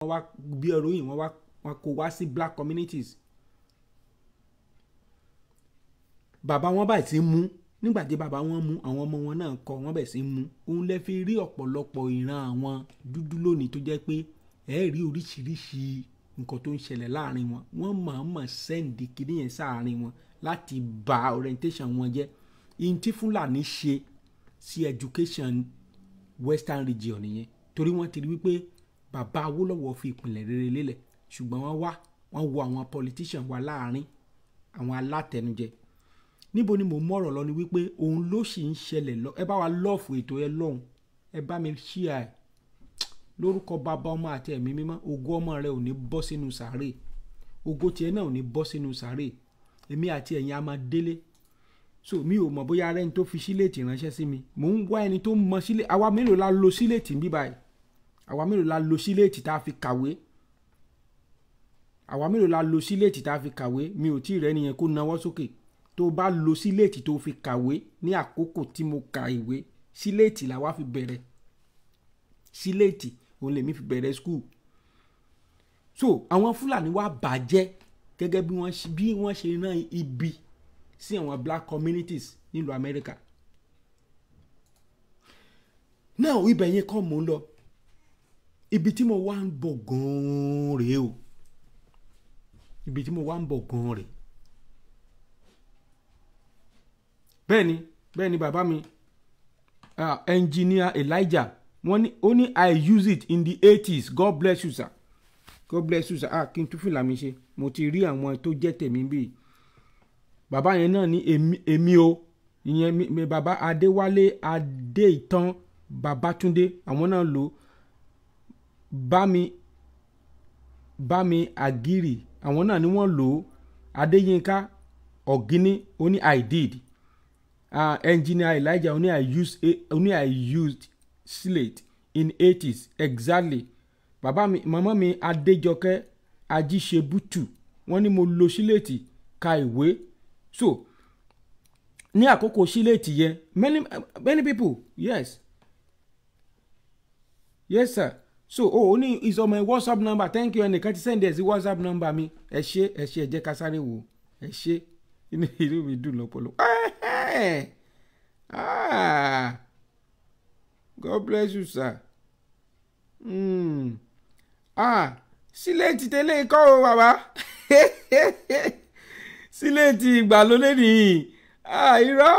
wọ́n wá bí heroin wọ́n wá wọ́n kó wá sí black communities bàbá wọn báyìí ti mú nígbà tí bàbá wọn mú àwọn ọmọ wọn náà kọ wọn bẹ̀ sí mú òun lẹ fi rí ọ̀pọ̀lọpọ̀ ìran àwọn dúdú lónìí tó jẹ́ pé ẹ rí oríṣiríṣi nǹkan tó ń ṣẹlẹ̀ láàrin wọn wọ́n mọ̀ọ́mọ̀ sẹ́ǹdì kìíní yẹn sáàrin wọn láti ba orientation wọn jẹ́ ihun tí fúlàní ṣe sí education western region nìyẹn torí wọ́n ti rí wípé bàbá Awólọ́wọ̀ fi ìpìlẹ̀ rere lélẹ̀ ṣùgbọ́n wọ́n wá wọ́n wo àwọn politician wa láàrin àwọn alátẹnujẹ níbo ni mò ń mọ̀rọ̀ lọ ni wípé òun ló sì ń ṣẹlẹ̀ lọ ẹ bá wa lọ́ọ̀fù ètò ẹ lọ́hùn ẹ bá mi ṣí à ẹ lórúkọ bàbá ọmọ àti ẹ̀mí mímọ́ ògo ọmọ rẹ ò ní bọ́ sínú sàárè ògo tiẹ̀ náà ò ní bọ́ sínú sàárè èmi àti ẹ̀yin a máa délé so mi ò mọ̀ bóyá rẹ́ni tó fi síléètì ránṣẹ́ sí mi mò ń wá ẹni tó mọ sílé àwa mélòó la lo síléètì ń bíbáyìí àwa mélòó la lọ síléètì tá a fi kàwé àwa mélòó la lọ síléètì tá a fi kàwé mi ò tí ì rẹ́ nìyẹn kó nawọ́ sókè tó o bá lọ síléètì tó o fi kàwé ní àkókò tí mo ka ìwé síléètì làwa fi bẹ̀rẹ̀ síléètì òun lèmi fi bẹ̀rẹ̀ skul so àwọn fúlàní wa bàjẹ́ gẹ́gẹ́ bí wọ́n bí wọ́n ṣe rán ibi sí àwọn black communities nílùú amẹ́ríkà náà ibẹ̀ yẹn kọ́ mò ń lọ ibi tí mo wá ń bọ̀ gan-an rèé o ibi tí mo wá ń bọ̀ gan-an rèé bẹ́ẹ̀ ni bẹ́ẹ̀ ni bàbá mi uh, engineer Elijah wọ́n ní ó ní I use it in the eighties God bless you sir God bless you sir ah kí n tún fìlà mi ṣe mo ti rí àwọn tó jẹ́ tèmi bíi bàbá yẹn náà ní èmi o ìyẹn mi bàbá Adéwálé Adéìtàn Babátúndé àwọn náà lò ó bámi bámi àgírì àwọn náà ni wọ́n lò ó adéyínká ọ̀gíní ó ní i did uh, engineer elijah ó i used eh, ó i used slate in eighties exactly bàbá mi màmá mi adéjọkẹ́ ajíṣebútù wọ́n ní mo lo síléètì ka ìwé so ní àkókò síléètì yẹn many many people yes yes sir so o oh, ní is on my whatsapp number thank you ẹnìkan ti send ẹ sí whatsapp number mi ẹ ṣe ẹ ṣe ẹ jẹ́ ká sáré wò ẹ ṣe inú ìlú mi dùn lọ́pọ̀lọpọ̀ ah god bless you sir mm. ah sílẹ̀tì tẹ́lẹ̀ kọ́ o bàbá sílẹ̀tì ìgbàlódé nìyí ah irọ́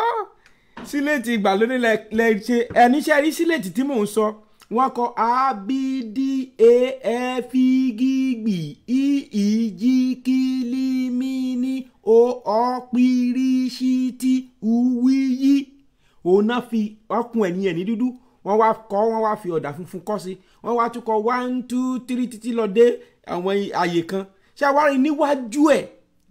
sílẹ̀tì ìgbàlódé lẹ ṣe ẹni ṣe rí sílẹ̀tì tí mò ń sọ. So wọ́n kọ a b d a e, f e g b e e g k l m n o ọ p r s t u w y òun náà fi ọkùn ẹ̀ nìyẹn ní dúdú wọ́n wá kọ wọ́n wá fi ọ̀dà funfun kọ́ sí wọ́n wá tún kọ one two three títí lọ dé àwọn àyè kan ṣé àwárí níwájú ẹ̀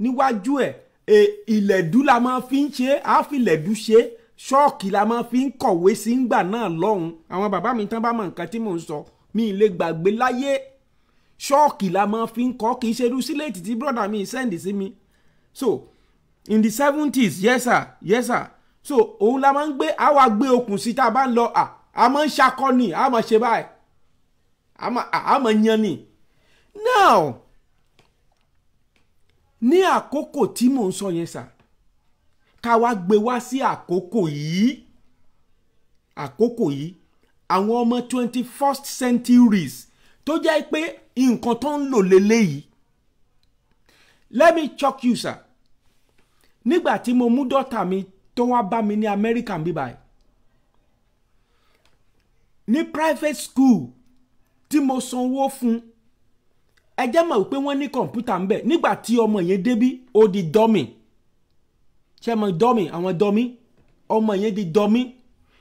níwájú ẹ̀ e, ilẹ̀dú la máa fi ń ṣe àáfi ilẹ̀dú ṣe é ṣọ́ọ̀kì la máa fi ń kọ̀wé sí ńgbà náà lọ́hùn àwọn bàbá mi tán bá mọ nǹkan tí mò ń sọ mi ì lè gbàgbé láyé ṣọ́ọ̀kì la máa fi ń kọ́ kì í ṣe irú síléètì tí brọ́dà mi sẹ́ǹdì sí mi so in the seventies yes sir yes sir so òun la máa ń gbé àwa gbé okùn sí tá a bá ń lọ à a máa ń ṣakọ́ni a máa ṣe báyìí a máa yan ni now ní àkókò tí mò ń sọ yẹn sir ká wá gbé wá sí àkókò yìí àkókò yìí àwọn ọmọ twenty first centuries tó jẹ́ pé nǹkan tó ń lò lélẹ́yìí let me shock you sir nígbà tí mo mú dọ́tà mi tó wá bá mi ní Amẹ́ríkà ń bíbá ní private school tí mo sanwó fún ẹ jẹ́ mọ̀ pé wọ́n ní kọ̀ǹpútà ń bẹ̀ nígbà tí ọmọ yẹn débí ó di dọ́mìn ṣé ẹ mọ dọ́mì àwọn dọ́mì ọmọ yẹn di dọ́mì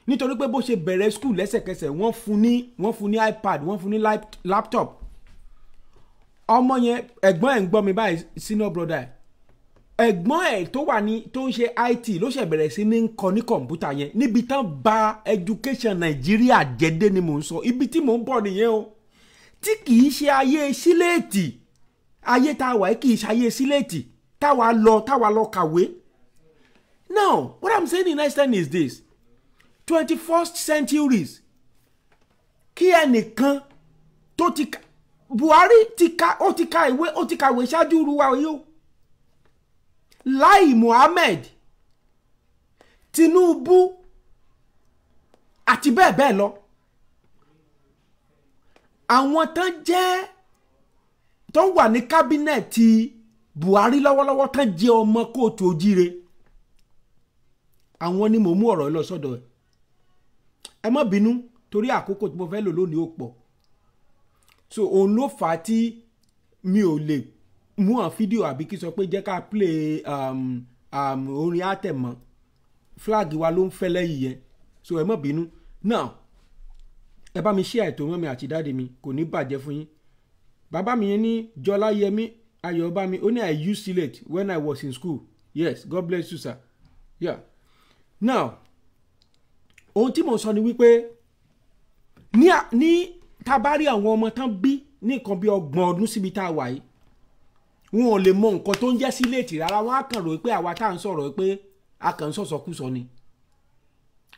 nítorí pé bó ṣe bẹ̀rẹ̀ skul lẹ́sẹ̀kẹsẹ̀ wọ́n fún ní wọ́n fún ní ipad wọ́n fún ní laptop ọmọ yẹn ẹ̀gbọ́n ẹ̀ ń gbọ́ mi báyìí senior brother ẹ̀gbọ́n ẹ̀ tó wà ní tó ń ṣe IT ló ṣe bẹ̀rẹ̀ sí ní kọ́ ní kọ̀ǹpútà yẹn níbi tán ba education Nàìjíríà jẹ́dé ni mò ń sọ ibi tí mò ń bọ̀ nìyẹn o tí kì í ṣe ayé síléètì ayé tá a wà kì í ṣe ayé síléètì táwa lọ táwa lọ kàwé Now, what I'm saying in Einstein is this. 21st centuries kí ẹnìkan tó ti ka Buhari ti ka ó ti ka ìwé ó ti kàwé ṣáájú ruwa yìí o Lai Muhammed Tinubu àti bẹ́ẹ̀ bẹ́ẹ̀ lọ àwọn tán jẹ́ tó wà ní kábínẹ̀tì Buhari lọ́wọ́lọ́wọ́ tán jẹ́ ọmọ kóòtù ojíire àwọn ni mò ń mú ọ̀rọ̀ lọ sọ́dọ̀ ẹ̀ ẹ má bínú torí àkókò tí mo fẹ́ lò lónìí ó pọ̀ so òun ló fà á tí mi ò lè mú àwọn fídíò àbí kí sọ pé jẹ́ ká play um, um, orin àtẹ̀mọ́ flag wa ló ń fẹ́ lẹ́yìn yẹn so ẹ má bínú now ẹ bá mi ṣe àìtó mọ́ mi àti dáàdi mi kò ní bàjẹ́ fún yín bàbá mi yẹn ní jọlá yẹmí ayọ̀ ọba mi ó ní i used it when i was in school yes god bless you sir yeah now ohun tí mò ń sọ ni wípé ní ní tabari àwọn ọmọ tán bí ní nǹkan bí ọgbọ̀n ọdún síbi tá a wà yìí wọn ò lè mọ nǹkan tó ń jẹ́ síléètì rárá wọn á kàn rò pé àwa tá à ń sọ̀rọ̀ pé a kàn ń sọ̀sọ̀kúsọ ni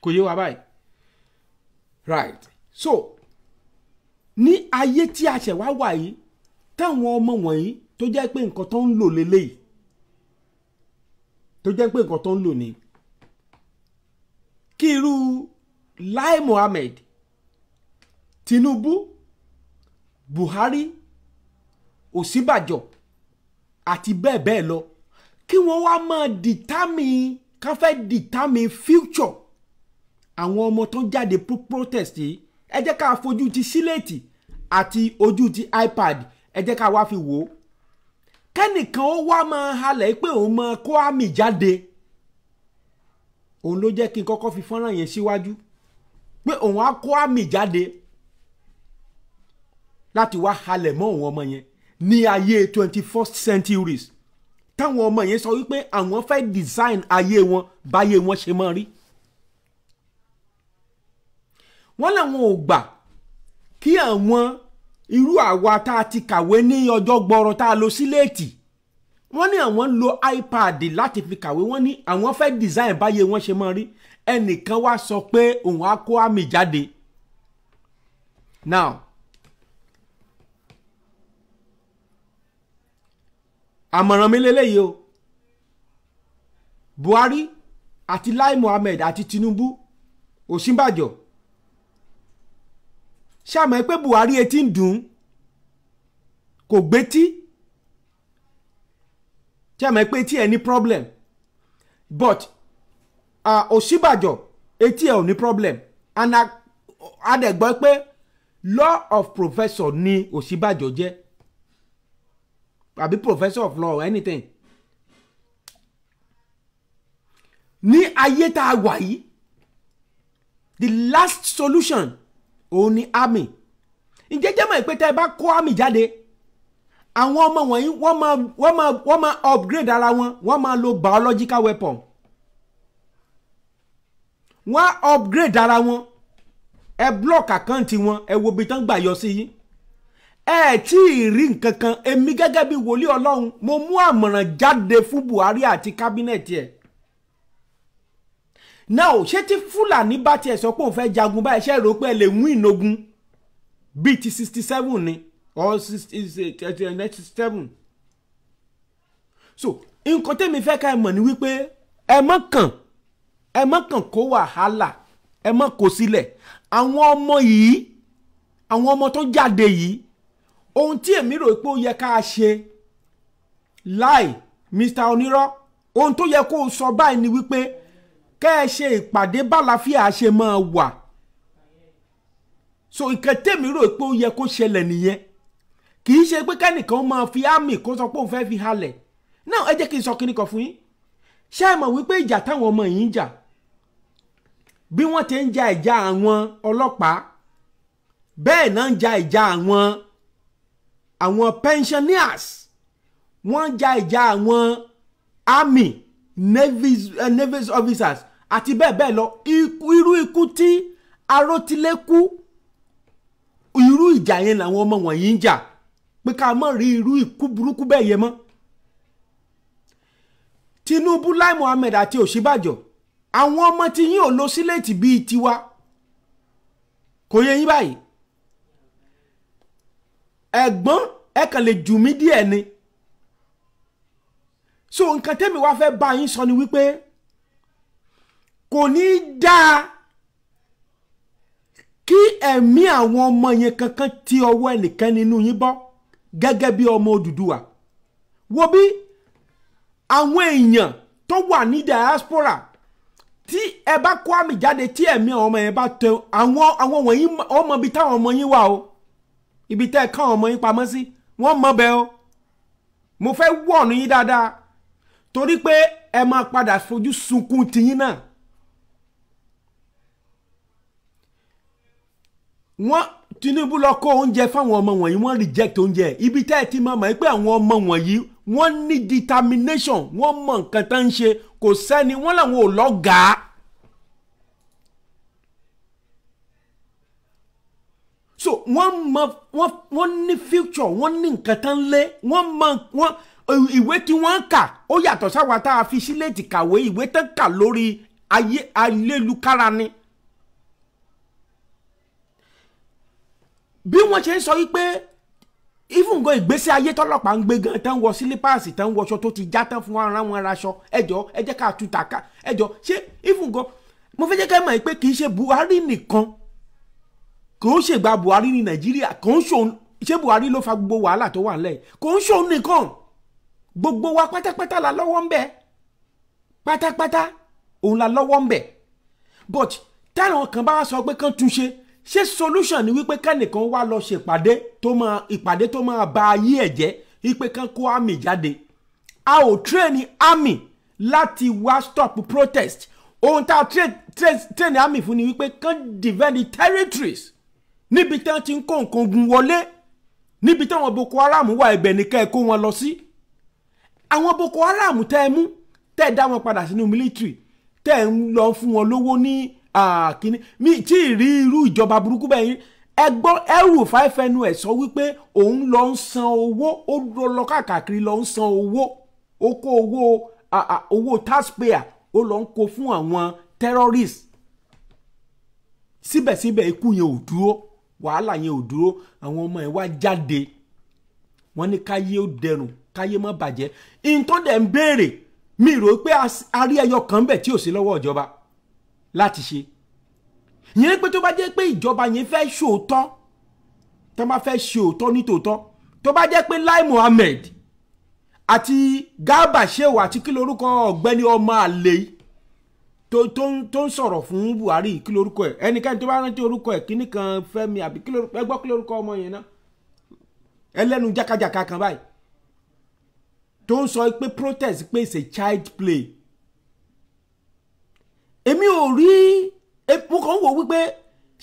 kò yé wa báyìí right so ní ayé tí a ṣẹ̀ wá wà yìí táwọn ọmọ wọ̀nyí tó jẹ́ pé nǹkan tó ń lò lélẹ́yìí tó jẹ́ pé nǹkan tó ń lò ni. Kiru, Lai Mohammed Tinubu Buhari Ọ̀ṣínbàjò àti bẹ́ẹ̀ bẹ́ẹ̀ lọ kí wọ́n wá máa determine kán fẹ́ determine future àwọn ọmọ tó ń jáde pro protest yìí ẹ jẹ́ ká fojú ti síléètì àti ojú ti iPad ẹ jẹ́ ká wá fi wò ó kẹ́nìkan ó wá máa halẹ̀ pé òun máa kó àmì jáde òun ló jẹ́ kí n kọ́kọ́ fi fọ́nrán yẹn síwájú pé òun á kó àmì jáde láti wá halẹ̀ mọ́ òun ọmọ yẹn ní ayé twenty first centuries táwọn ọmọ yẹn sọ wípé àwọn fẹ́ design ayé wọn báyé wọn ṣe máa rí wọ́n làwọn ò gbà kí àwọn irú àwa tá a ti kàwé ní ọjọ́ gbọ́rọ̀ tá a lọ síléètì wọ́n ní àwọn ń lo iPad láti fi kàwé wọ́n ní àwọn fẹ́ design báyé wọ́n ṣe máa rí ẹnìkan wá sọ pé òun á kó àmì jáde now àmọ̀ràn mi lélẹ́yìí o Buhari àti Lai Mohammed àti Tinubu Ọ̀ṣínbàjò ṣàmọ́ pé Buhari etí ń dùn kò gbétí tí a mọ̀ pé etí ẹ̀ ní problem but uh, Ọ̀ṣínbàjò etí ẹ̀ ò ní problem and a dẹ̀ gbọ́ pé law of professor ni Ọ̀ṣínbàjò jẹ́ àbí professor of law or anything ní ayé tá a wà yìí the last solution òun ni army ǹjẹ́ jẹ́ mọ̀ pé tẹ́ ẹ bá kó army jáde àwọn ọmọ wọ̀nyí wọ́n máa wọ́n máa wọ́n máa upgrade ara wọn wọ́n máa lo biological weapon wọ́n á upgrade ara wọn ẹ block àkáǹtì wọn ẹ wo ibi tán gbà yọ sí yín ẹ tí ì rí nǹkan kan èmi gẹ́gẹ́ bí wòlíì ọlọ́run mo mú àmọ̀ràn jáde fún Buhari àti kábínẹ̀tì ẹ̀ náà ṣé tí Fúlàní bá tiẹ̀ sọ pé òun fẹ́ jagun báyìí ṣe rò pé ẹ lè win ogun bíi ti sixty seven ni or eh, ninety seven so nǹkan tẹ́mi fẹ́ ká ẹ mọ̀ ni wípé ẹ mọ̀ kàn ẹ mọ̀ kàn kó wàhálà ẹ mọ̀ kó sílẹ̀ àwọn ọmọ yìí àwọn ọmọ tó jáde yìí ohun tí èmi rò pé ó yẹ ká ṣe láì mr onírọ́ ohun tó yẹ kó o sọ báyìí ni wípé kẹ́ ẹ ṣe ìpàdé bálàfíà ṣe máa wà so ìkẹtẹ́mi rò pé ó yẹ kó ṣẹlẹ̀ nìyẹn kì í ṣe pé kẹ́nìkan máa fi ámì kó sọ pé òun fẹ́ fi halẹ̀ náà ẹ jẹ́ kí n sọ kíní kan fún yín ṣé ẹ mọ̀ wípé ìjà táwọn ọmọ yìí ń jà bí wọ́n ti ń ja ìjà àwọn ọlọ́pàá bẹ́ẹ̀ náà ń ja ìjà àwọn àwọn pensioners wọ́n ń ja ìjà àwọn army navy uh, eh, officers àti bẹ́ẹ̀ bẹ́ẹ̀ lọ irú ikú tí arótilé kú irú ìjà yẹn làwọn ọmọ wọ̀nyí ń jà. Ja pé ká má rí irú ikú burúkú bẹ́ẹ̀ yẹ mọ́ Tinubu Lai Mohammed àti Ọ̀ṣínbàjò àwọn ọmọ tí yín ò lọ síléètì bíi tiwa kò yẹ yín báyìí ẹ̀gbọ́n ẹ kàn lè jù mí díẹ̀ ni so nǹkan tẹ́mi wá fẹ́ bá yín sọ ni wípé kò ní í dáa kí ẹ̀mí àwọn ọmọ yẹn kankan ti ọwọ́ ẹnìkan nínú yín bọ́ gẹ́gẹ́ bí ọmọ Odùduwà wo bí àwọn èèyàn tó wà ní diaspora tí ẹ bá kó àmì jáde tí ẹ̀mí ọmọ yẹn bá tẹ àwọn àwọn wọ̀nyí ọmọ ibi táwọn ọmọ yín wà o ibi tẹ́ ẹ káwọn ọmọ yín pamọ́ sí wọ́n mọ̀ bẹ́ẹ̀ o mo fẹ́ wọ̀nù yín dáadáa torí pé ẹ máa padà fojú sunkún tiyín náà wọ́n Tinubu lọ kó oúnjẹ fáwọn ọmọ wọ̀nyí wọ́n reject oúnjẹ ibi tẹ́ ẹ ti máa mọ̀ pé àwọn ọmọ wọ̀nyí wọ́n ní determination wọ́n mọ̀ nǹkan tá ń ṣe kò sẹ́ni wọ́n làwọn ò lọ́gàá. so wọ́n mọ wọ́n wọ́n ní future wọ́n ní nǹkan tá ń lé wọ́n mọ wọ́n ìwé tí wọ́n ń kà ó yàtọ̀ sáwa tá a fi sílẹ̀ ti kàwé ìwé tó ń kà lórí ayélujára ni. bí wọ́n ṣe ń sọ wípé even go ìgbésí ayé tọ́lọ́pàá ń gbé gan tán wọ sílípáàsì tán wọṣọ tó ti já tán fún ara wọn raṣọ ẹjọ ẹ jẹ́ ká tuta ká ẹjọ ṣé even go mo fẹ́ jẹ́ ká mọ̀ pé kì í ṣe Buhari nìkan kò ń ṣègbà Buhari ní Nàìjíríà kò ń ṣòun ṣé Buhari ló fa gbogbo wàhálà tó wà ńlẹ̀ kò ń ṣòun nìkan gbogbo wa pátápátá la lọ́wọ́ ń bẹ pátápátá òun la lọ́wọ́ ń bẹ but táwọn kan bá sọ pé kán túnṣe ṣé solution ni wípé kẹ́nìkan wá lọ ṣèpàdé tó máa ìpàdé tó máa ba ayé ẹ̀ jẹ́ wípé kán kó àmì jáde a ò tírẹ̀nì àmì láti wá stop protest ohun tá a tírẹ̀nì àmì fún ni wípé kán defend the territories níbi tí wọ́n ti ń kó nǹkan ogun wọlé níbi tí àwọn Boko Haram wà ibẹ̀ ní kẹ́ ẹ kó wọn lọ sí àwọn Boko Haram tẹ́ ẹ mú tẹ́ ẹ dá wọn padà sínú military tẹ́ ẹ ń lọ fún wọn lówó ní kíní mi tí ì rí irú ìjọba burúkú bẹ́ẹ̀ yín ẹgbọ́n ẹrù fáìfẹ́nu ẹ̀ sọ wípé òun lọ ń san owó ó lọ káàkiri lọ ń san owó ó kó owó owó taxpayer ó lọ ń kó fún àwọn terrorists síbẹ̀síbẹ̀ ikú yẹn ò dúró wàhálà yẹn ò dúró àwọn ọmọ ẹ̀ wá jáde wọ́n ní káyé ó dẹrùn káyé má bàjẹ́ ìtọ́dẹ̀ ń béèrè mi rò pé a rí ẹyọ kan bẹ̀ tí ò sí lọ́wọ́ ìjọba láti ṣe ìyẹn pé tó bá jẹ́ pé ìjọba yẹn fẹ́ ṣòótọ́ tó bá fẹ́ ṣòótọ́ nítòótọ́ tó bá jẹ́ pé Lai Mohammed àti Garba Shehu àti kí lorúkọ ọ̀gbẹ́ni ọmọ àlè tó tó tó ń sọ̀rọ̀ fún Buhari kí lorúkọ ẹ̀ ẹnikẹ́ni tó bá rántí orúkọ ẹ̀ kíní kan Fẹ́mi àbí kí lorúkọ ẹ gbọ́ kí lorúkọ ọmọ yẹn náà ẹlẹ́nu jákàjàkà kan báyìí tó ń sọ pé protest pé it's a child play èmi ò rí e, mo kàn ń wò wípé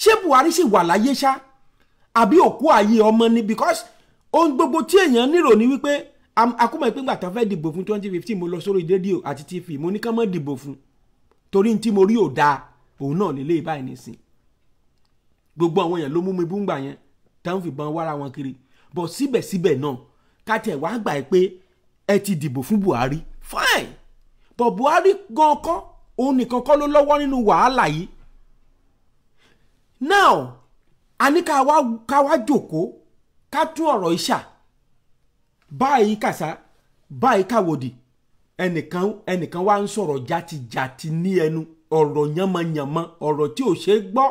ṣé Buhari ṣì wà láyé ṣá àbí òkú ayé ọmọ ni because ohun gbogbo tí èèyàn nírò ni wípé akúmọ̀ ìpínpà tó fẹ́ dìbò fún twenty fifteen mo lọ sórí rédíò àti tv mo ní ká má dìbò fún torí tí mo rí ò dáa òun náà lélẹ́yìí báyìí nísìn gbogbo àwọn èèyàn ló mú mi búngbà yẹn táwọn fìbọn wára wọn kiri bọ̀ síbẹ̀síbẹ̀ náà káti ẹ̀ wá gbà pé ẹ ti dìbò fún Buhari fine bọ̀ Buhari gan kọ́ òun nìkan kọ́ ló lọ́wọ́ nínú wàhálà yìí now a ní ká wá ká wá jòkóó ká tún ọ̀rọ̀ ìṣà báyìí kàṣá báyìí káwòdì ẹnìkan ẹnìkan wá ń sọ̀rọ̀ játijàti ní ẹnu ọ̀rọ̀ yánmọyànmọ ọ̀rọ̀ tí ò ṣeé gbọ́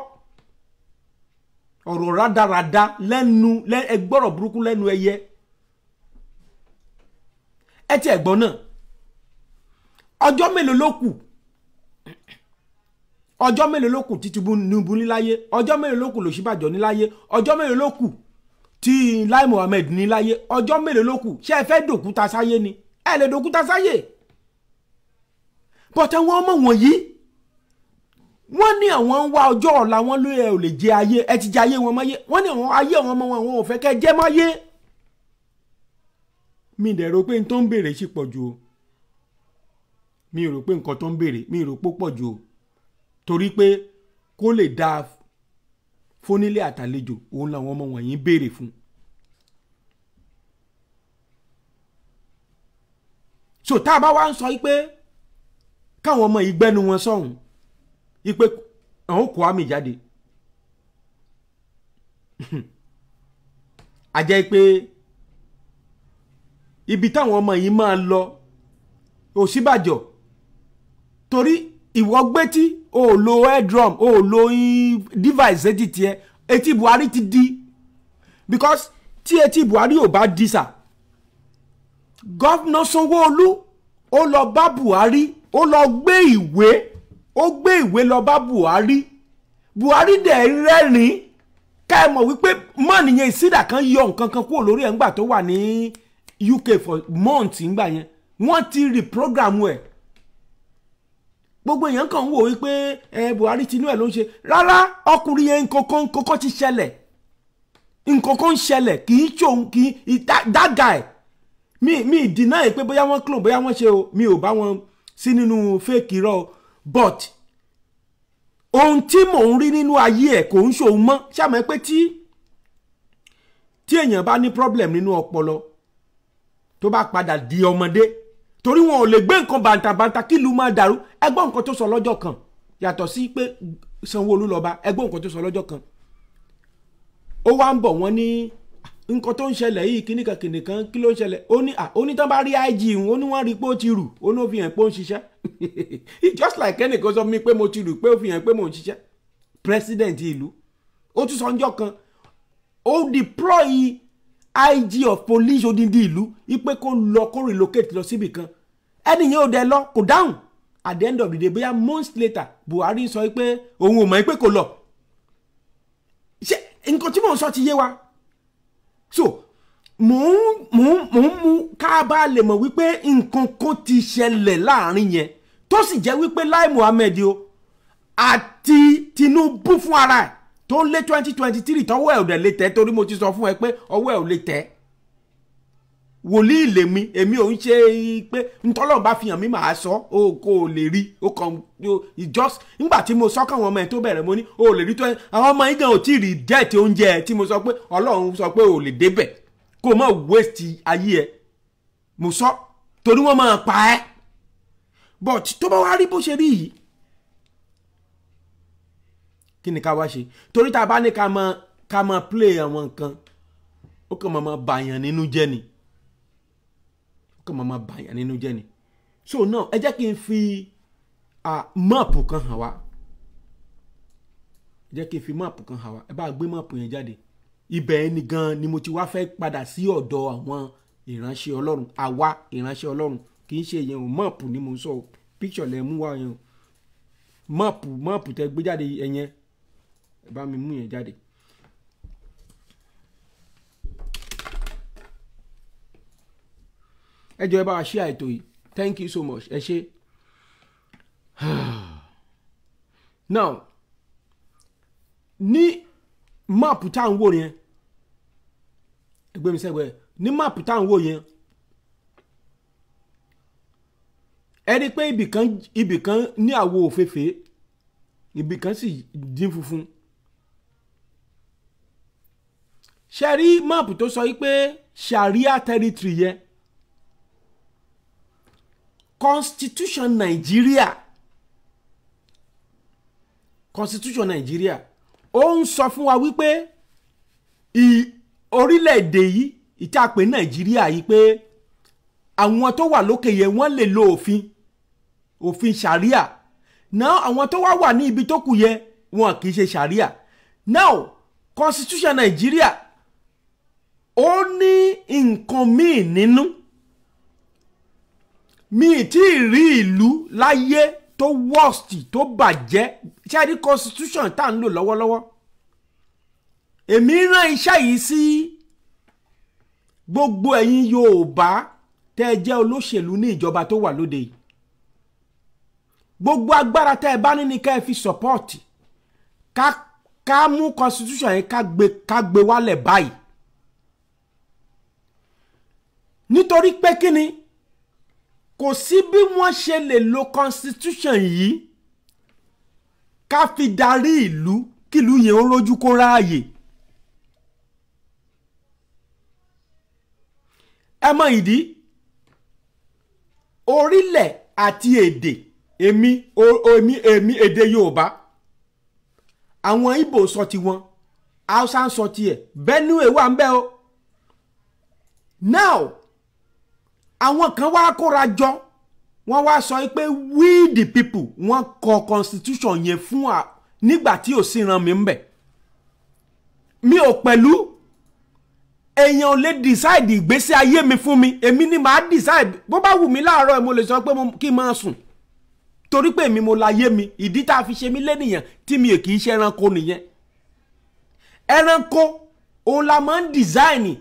ọ̀rọ̀ rádaràda lẹ́nu ẹgbọ́rọ̀ burúkú lẹ́nu ẹyẹ ẹ ti ẹ̀gbọ́n náà ọjọ́ mélòó ló kù ọjọ́ mélòó ló kù tí Tinubu níláyé ọjọ́ mélòó ló kù lòṣìbàjọ́ níláyé ọjọ́ mélòó ló kù tí Lai Mohammed níláyé ọjọ́ mélòó ló kù ṣé ẹ fẹ́ dòkúta sáyé ni ẹ lè dòkúta sáyé bọ́tẹ́ wọn ọmọ wọ̀nyí wọ́n ní àwọn ń wá ọjọ́ ọ̀la wọn ló ẹ ò lè jẹ ayé ẹ ti jẹ ayé wọn mọ́yé wọ́n ní àwọn ayé àwọn ọmọ wọn àwọn ò fẹ́ kẹ́ jẹ́ mọ́yé mi dẹ̀ rò pé n tó ń béèrè sí pọ̀ jù o mi rò pé nǹkan tó ń béèrè mi rò pé pọ̀ jù o torí pé kó lè dáa fónílé àtàlejò òun làwọn ọmọ wọ̀nyí béèrè fún. so tá a bá wá ń sọ pé káwọn ọmọ yìí gbẹ́nu wọn sọ̀hún pé àwọn kò àmì jáde a jẹ́ pé ibi táwọn ọmọ yìí máa lọ Ọ̀ṣínbàjò torí ìwọ o lo airdrum o lo device etí tiẹ̀ etí Buhari ti di because tí etí Buhari ò bá di sà gọ́fúnà Sanwó-Olú ó lọ bá Buhari ó lọ gbé ìwé ó gbé ìwé lọ bá Buhari Buhari dẹ̀ rẹ́rìn-ín ká ẹ mọ̀ wípé mọ́ nìyẹn ìsídà kan yọ nǹkan kan kúrò lórí ẹ̀ ńgbà tó wà ní UK for months ńgbà yẹn wọ́n ti reprogram ẹ̀ gbogbo èèyàn kàn ń wò wípé ẹ Buhari tinú ẹ ló ń ṣe rárá ọkùnrin yẹn nkankan nkankan ti ṣẹlẹ̀ nkankan ń ṣẹlẹ̀ kì í ṣòun kì í that guy mi mi deny pé bóyá wọ́n clone bóyá wọ́n ṣe o mi ò bá wọn sí nínú fake irọ́ but ohun tí mò ń rí nínú ayé ẹ̀ kò ń ṣòun mọ́ ṣàmọ́ pé tí tí èèyàn bá ní problem nínú ọpọlọ tó bá padà di ọmọdé torí wọn ò lè gbé nǹkan bàǹtàbàǹtà kí ìlú máa dàrú ẹgbọ́n nǹkan tó sọ lọ́jọ́ kan yàtọ̀ sí pé Sanwó-Olú lọ́ba ẹgbọ́n nǹkan tó sọ lọ́jọ́ kan ó wá ń bọ̀ wọ́n ní ah, nǹkan tó ń ṣẹlẹ̀ yìí kíní kan kìnì kan kí ló ń ṣẹlẹ̀ ó ní à ah, ó ní tán bá rí IG òun ó ní wọ́n rí pé ó ti rù ó ní ó fi hàn pé ó ń ṣiṣẹ́ just like ẹnìkan sọ mi pé mo ti rù pé ó fi hàn pé mo ń ṣiṣẹ́ president ìlú ó tún sọ ọjọ́ kan ó deploy IG of police odindi ìlú ipe kó lọ kó relocate lọ síbì kan ẹni yẹn ò dẹ lọ kò dáhùn at the end of the day bóyá months later Buhari sọ pé òun ò mọ̀ pé kò lọ ṣe nǹkan tí mò ń sọ ti yé wa so mò ń mò ń mò ń mú ká bá lè mọ̀ wípé nǹkan kan ti ṣẹlẹ̀ láàrin yẹn tó sì jẹ́ wípé Lai Muhammed o àti Tinubu fún ara ẹ̀ tó ń lé twenty twenty three tọ́wọ́ ẹ̀ ò dẹ̀ lè tẹ̀ torí mo ti sọ fún ẹ pé ọwọ́ ẹ̀ ò lè tẹ̀ wòlíì lèmi èmi ò ń ṣe pé ntọ́lọ́ bá fi hàn mí màá sọ o kò lè rí o kàn ìjọs nígbà tí mo sọ́kàn wọn ọmọ ẹ̀ tó bẹ̀rẹ̀ mo ní o lè rí tó ẹ àwọn ọmọ yín gan ò tí ì rí dẹ́ẹ̀tì oúnjẹ ẹ tí mo sọ pé ọlọ́run sọ pé o lè débẹ̀ kó o má wéèsì ayé ẹ mo sọ torí wọ́n máa pa ẹ́ but tó bá wá rí bó ṣe rí yìí kí ni ká wá ṣe torí tá a bá ní ká mọ ká mọ play àwọn nǹkan ó kàn mọ̀ mọ́ bàyàn nínú jẹ́ ni ó kàn mọ̀ mọ́ bàyàn nínú jẹ́ ni so náà ẹ jẹ́ kí n fi mọ́ọ̀pù kan hàn wá ẹ jẹ́ kí n fi mọ́ọ̀pù kan hàn wá ẹ bá gbé mọ́ọ̀pù yẹn jáde ibẹ̀ ni gan ni mo ti wá fẹ́ padà sí ọ̀dọ̀ àwọn ìránṣẹ́ ọlọ́run àwa ìránṣẹ́ ọlọ́run kì í ṣe yẹn o mọ́ọ̀pù ni mo sọ o picture lẹ mú wá yẹn o mọ́ọ̀pù mọ́ọ̀pù tẹ gbé jáde ẹ̀yẹn bá mi mú yẹn jáde. ẹ jọ̀ọ́ ẹ bá wa ṣí àìtó yìí thank you so much ẹ ṣé. now ní máàpù tá à ń wò yẹn ẹgbẹ́ mi sẹ́gbẹ́ ní máàpù tá à ń wò yẹn ẹ rí i pé ibìkan ibìkan ní àwọ̀ òféèfé ibìkan sì dín funfun ṣe rí máàpù tó sọ yìí pé sharia territory yẹn constitution Nigeria constitution Nigeria ó ń sọ fún wa wípé orílẹ̀-èdè yìí ìtàpé Nàìjíríà yìí pé àwọn tó wà lókè yẹn wọ́n lè lo òfin òfin Sharia now àwọn tó wá wà ní ibi tó kù yẹn wọn kì í ṣe ṣàríà now constitution Nigeria ó ní nǹkan míì nínú mi tí ì rí ìlú láyé tó worst tó bàjẹ́ ṣe é rí constitution tá à ń lò lọ́wọ́lọ́wọ́ èmi rán iṣẹ́ yìí sí gbogbo ẹ̀yin Yorùbá tẹ́ ẹ jẹ́ olóṣèlú ní ìjọba tó wà lóde yìí gbogbo agbára tẹ́ ẹ bá ní ni ká ẹ fi support ká ká mú constitution yẹn ká gbé ká gbé wálẹ̀ báyìí nítorí pé kí ni kò sí bí wọ́n ṣe lè lo constitution yìí ká fi darí ìlú kílùú yẹn ó rójú kó ráàyè. ẹ mọ ìdí orílẹ̀ àti èdè èmi èmi èmi èdè Yorùbá àwọn Ìgbò sọ tiwọn Hausa ń sọ tiẹ̀ Benue wà ń bẹ o now àwọn kan wá kóra jọ wọ́n wá sọ pé we the people wọ́n kọ constitution yẹn fún à nígbà tí ò sí ran mi ń bẹ̀ mi ò pẹ̀lú èèyàn lè decide ìgbésí ayé mi fún mi èmi ni màá decide bó bá wù mí láàárọ̀ mo lè sọ pé kí n máa sùn torí pé èmi mo láyé mi ìdí tá a fi ṣe mí lẹ́nìyàn tí mi ò kì í ṣe ẹranko nìyẹn ẹranko òun la máa ń design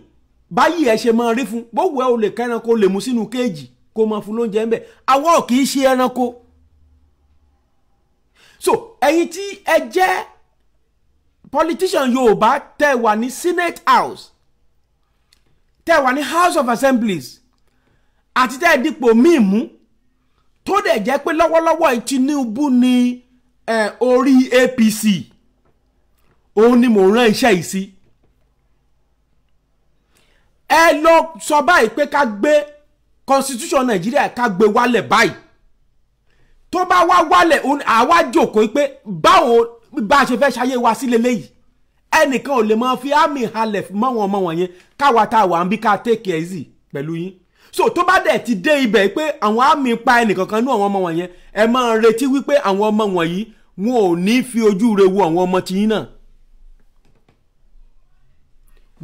báyìí ẹ ṣe máa rí fún bó wẹ́ o lè ká ẹranko lè mú sínú kéèjì kó máa fún lóúnjẹ ńbẹ awọ́ kì í ṣe ẹranko so ẹ̀yin tí ẹ jẹ́ politician Yorùbá tẹ́ wà ní Senate House tẹ́ wà ní House of Assemblies àti tẹ́ ẹ dípò míì mú tó dẹ̀ jẹ́ pé lọ́wọ́lọ́wọ́ Tinubu ni eh, orí APC òun ni mò ń rán iṣẹ́ yìí sí ẹ lọ sọ báyìí pé ká gbé constitution nàìjíríà ká gbé wálẹ̀ báyìí tó bá wá wálẹ̀ àwa jòkóó pé báwo bá a ṣe fẹ́ ṣayé wa sí leléyìí ẹnìkan ò lè máa fi àmì halẹ̀ mọ́ wọn mọ́ wọn yẹn káwa tá a wà ń bí ká take it easy pẹ̀lú yín so tó bá dẹ̀ ti dé ibẹ̀ pé àwọn àmì pa ẹnìkankan ní àwọn ọmọ wọn yẹn ẹ máa retí wípé àwọn ọmọ wọn yìí wọn ò ní fi ojú re wo àwọn ọmọ tiyín náà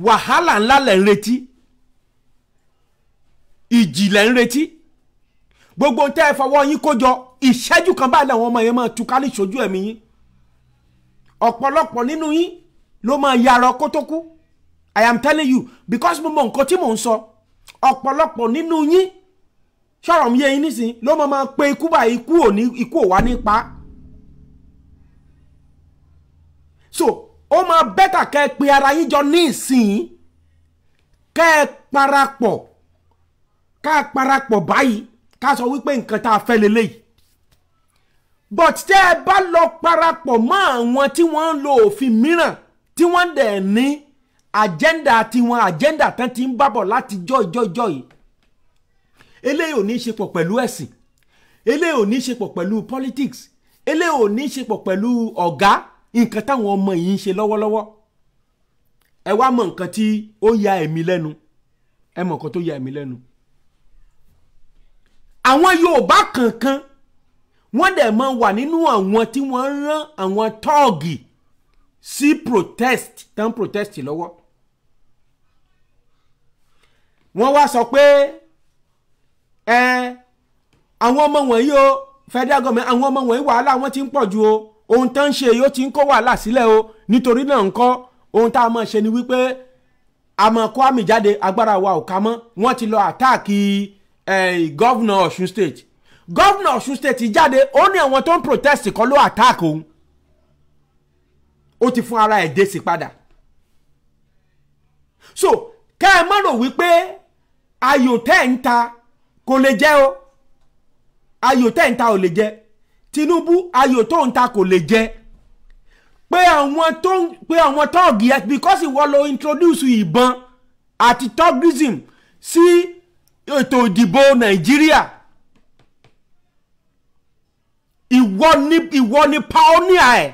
wàhálà ńlá lẹ̀ ń retí ìjìnlẹ̀ ń retí gbogbo tẹ́ ẹ fọwọ́ yín kó jọ ìṣẹ́jú kan báyìí làwọn ọmọ yẹn máa túká ní ìṣojú ẹ̀mí yín ọ̀pọ̀lọpọ̀ nínú yín ló máa yarọ kó I am telling you because mo mọ nǹkan tí mò ń sọ ọ̀pọ̀lọpọ̀ nínú yín ṣọ̀rọ̀ mi yé yín nísìnyí ló máa máa pe ikú báyìí ikú ò ní ikú ò wá nípa so ó máa bẹ́tà kẹ́ ẹ pe ara yín jọ ní ìsìn kẹ́ ẹ parapọ̀ ká parapọ̀ báyìí ká sọ wípé nǹkan tá a fẹ́ leléyìí but tẹ́ ẹ bá lọ parapọ̀ mọ́ àwọn tí wọ́n ń lo òfin mìíràn tí wọ́n ń dẹ̀ ní àjẹ́ndà tiwọn àjẹ́ndà tán ti ń bábọ̀ láti jọ́ ìjọ́ ìjọ́ yìí eléyìí ò ní í ṣe pẹ̀lú ẹ̀sìn eléyìí ò ní í ṣe pẹ̀lú politics eléyìí ò ní í ṣe pọ̀ pẹ̀lú ọ̀gá nǹkan táwọn ọmọ yìí ń ṣe lọ́wọ́lọ́wọ́ ẹ wá mọ nǹkan tí ó ya ẹ̀mí lẹ́nu ẹ mọ nǹkan tó ya ẹ̀mí lẹ́nu àwọn Yorùbá kankan wọ́n dẹ̀ máa wà nínú àwọn tí wọ́n rán àwọn tọ́ọ̀gì sí protest tán protest lọ́wọ́ wọ́n wá sọ pé ẹ àwọn ọmọ wọ̀nyí o federal government àwọn ọmọ wọ̀nyí wàhálà wọn ti ń pọ̀ ju o ohun tán ń ṣe yìí ó ti ń kó wàhálà sílẹ̀ o nítorí náà ń kọ́ ohun tá a máa ṣe ni wípé àmọ́ Kwami jáde agbára wa ò ká mọ́ wọ́n ti lọ àtáàkì Eh, gọ́vnà ọ̀ṣun state gọ́vnà ọ̀ṣun state jáde ó ní àwọn tó ń protest kọ́ ló attack òun ó ti fún ara ẹ̀ dèsì padà so kẹ́ ẹ má rò wípé ayò tẹ́ ń ta kò lè jẹ́ o ayò tẹ́ ń ta ò lè jẹ́ Tinubu ayò tó ń ta kò lè jẹ́ pé àwọn tó ń pé àwọn tọ́ọ̀gì ẹ because ìwọ ló introduce ìbọn àti tọ́gìsm sí. Si, ètò ìdìbò nàìjíríà ìwọ ni ìwọ ni pioneer ẹ̀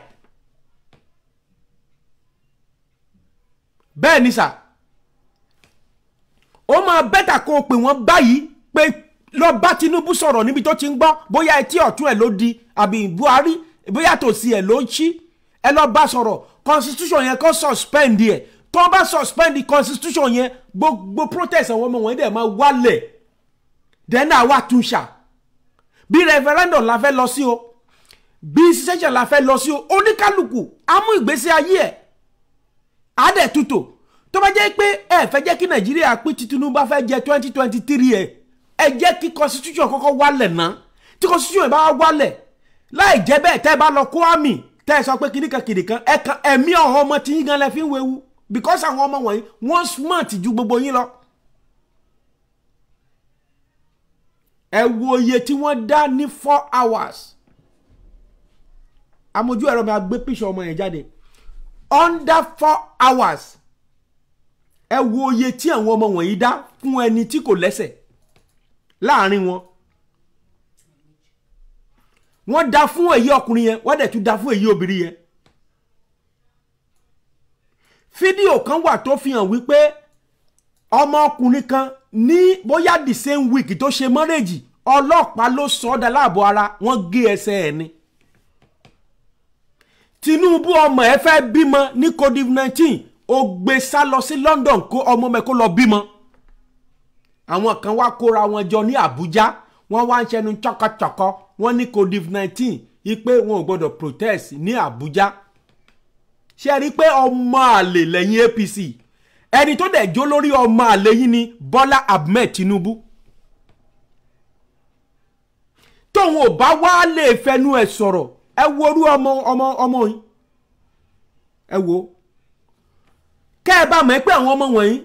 bẹ́ẹ̀ ni sà ó máa bẹ́tà kó o pè wọ́n báyìí pé lọ bá Tinubu sọ̀rọ̀ níbi tó ti ń gbọ́ bóyá etí ọ̀tún ẹ̀ ló di àbí Buhari bóyá tòsí ẹ̀ ló ń ṣí ẹ lọ bá sọ̀rọ̀ constitution yẹn kó suspend ẹ̀ tó bá suspend constitution yẹn gbogbo protest àwọn ọmọ wọn dẹ̀ máa wálẹ̀ then àwa tún ṣà bí referendum la fẹ́ lọ sí o bí ṣiṣẹ́ṣẹ́ la fẹ́ lọ sí o oníkálukú á mú ìgbésí ayé ẹ̀ á dẹ̀ tutù tó bá jẹ́ pé ẹ fẹ́ jẹ́ kí nàìjíríà pín tí bá fẹ́ jẹ twenty twenty three ẹ ẹ jẹ́ kí constitution kọ́kọ́ wálẹ̀ ná tí constitution bá wálẹ̀ láì jẹ́ bẹ́ẹ̀ tẹ́ ẹ bá lọ kó àmì tẹ́ ẹ sọ pé kìnnìkan kìnnìkan ẹ ẹ̀mí ọ̀hún ọmọ tí yín gan lẹ fi ń wewu because àwọn ọmọ wọ̀nyí wọ́n smart ju gbogbo yín lọ. ẹ wo iye tí wọ́n dá ní four hours amójú ẹ̀rọ mi a gbé píṣọ ọmọ yẹn jáde under four hours ẹ wo iye tí àwọn ọmọ wọ̀nyí dá fún ẹni tí kò lẹ́sẹ̀ láàrin wọn wọ́n dá fún èyí ọkùnrin yẹn wọ́n dẹ̀ tún dá fún èyí obìnrin yẹn fídíò kan wà tó fi hàn wípé ọmọkùnrin kan ní bóyá the same week tó ṣe mọ́rẹ́jì ọlọ́pàá ló sọ ọ́ dáláàbò ara wọ́n gé ẹsẹ̀ ẹ̀ ni. Tinubu ọmọ ẹ fẹ́ bímọ ní covid nineteen ó gbé sá lọ sí London kó ọmọ mẹ kó lọ bímọ. àwọn kan wá kóra wọn jọ ní Àbújá wọ́n wá ń ṣẹnu tọkọtọkọ wọ́n ní covid nineteen yí pé wọn ò gbọ́dọ̀ protest ní Abuja ṣe rí i pé ọmọ àlè lẹ́yìn APC ẹni tó dẹ̀ jó lórí ọmọ àlè yìí ni Bọ́lá Ahmed Tinubu tóun ò bá wá lè fẹnu ẹ̀ sọ̀rọ̀ ẹ wo orú ọmọ ọmọ ọmọ yìí ẹ wo kẹ́ ẹ bá mọ̀ pé àwọn ọmọ wọ̀nyí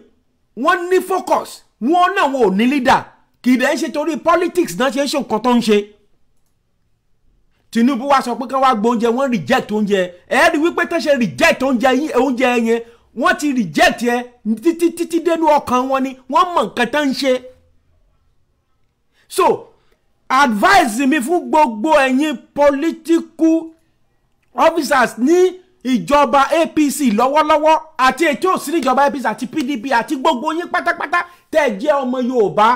wọ́n ní focus wọ́n náà wọ́n ò ní leader kì í dẹ̀ ń ṣe torí politics náà ṣe ń ṣe nǹkan tó ń ṣe. Tinubu wá sọ pé kán wá gbóúnjẹ wọ́n reject oúnjẹ ẹ rí wípé tán ṣe reject oúnjẹ oúnjẹ yẹn wọ́n ti reject ẹ títí títí dénú ọkàn wọn ni wọ́n mọ̀ nǹkan tán ń ṣe. so advice mi fún gbogbo ẹ̀yin political officers ní ìjọba APC lọ́wọ́lọ́wọ́ àti ètò òsì níjọba APC àti PDP àti gbogbo yín pátápátá tẹ̀ jẹ́ ọmọ Yorùbá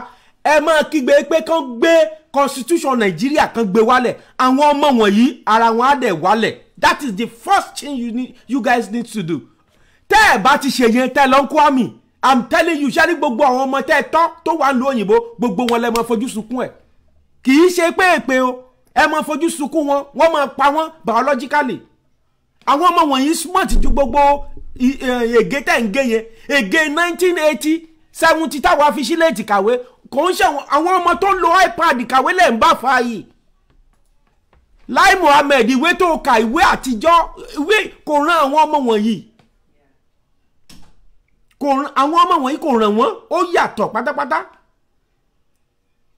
ẹ máa kígbe pé kán gbé constitution Nigeria kan gbé wálẹ̀ àwọn ọmọ wọ̀nyí ara wọn á dẹ̀ wálẹ̀ that is the first thing you, need, you guys need to do tẹ́ ẹ̀ bá ti ṣe yẹn tẹ́ lọ́n kó àmì i'm telling you ṣẹ́ni gbogbo àwọn ọmọ tẹ́ ẹ tọ́ tó wà ní òyìnbó gbogbo wọn lẹ máa fojú sunkún ẹ̀ kì í ṣe pé èpè o ẹ máa fojú sunkún wọn wọ́n máa pa wọ́n biologically àwọn ọmọ wọ̀nyí smart ju gbogbo ègé tẹ̀ ń gé yẹn ègé nineteen eighty seventy táwa fi sílẹ̀ ètìkàwé kò ń ṣe àwọn ọmọ tó ń lo ipad kàwé lẹ̀ ń bá fa yìí Lai Mohammed ìwé tó ka ìwé àtijọ́ ìwé kò ran àwọn ọmọ wọ̀nyí kò ran àwọn ọmọ wọ̀nyí kò ràn wọ́n ó yàtọ̀ pátápátá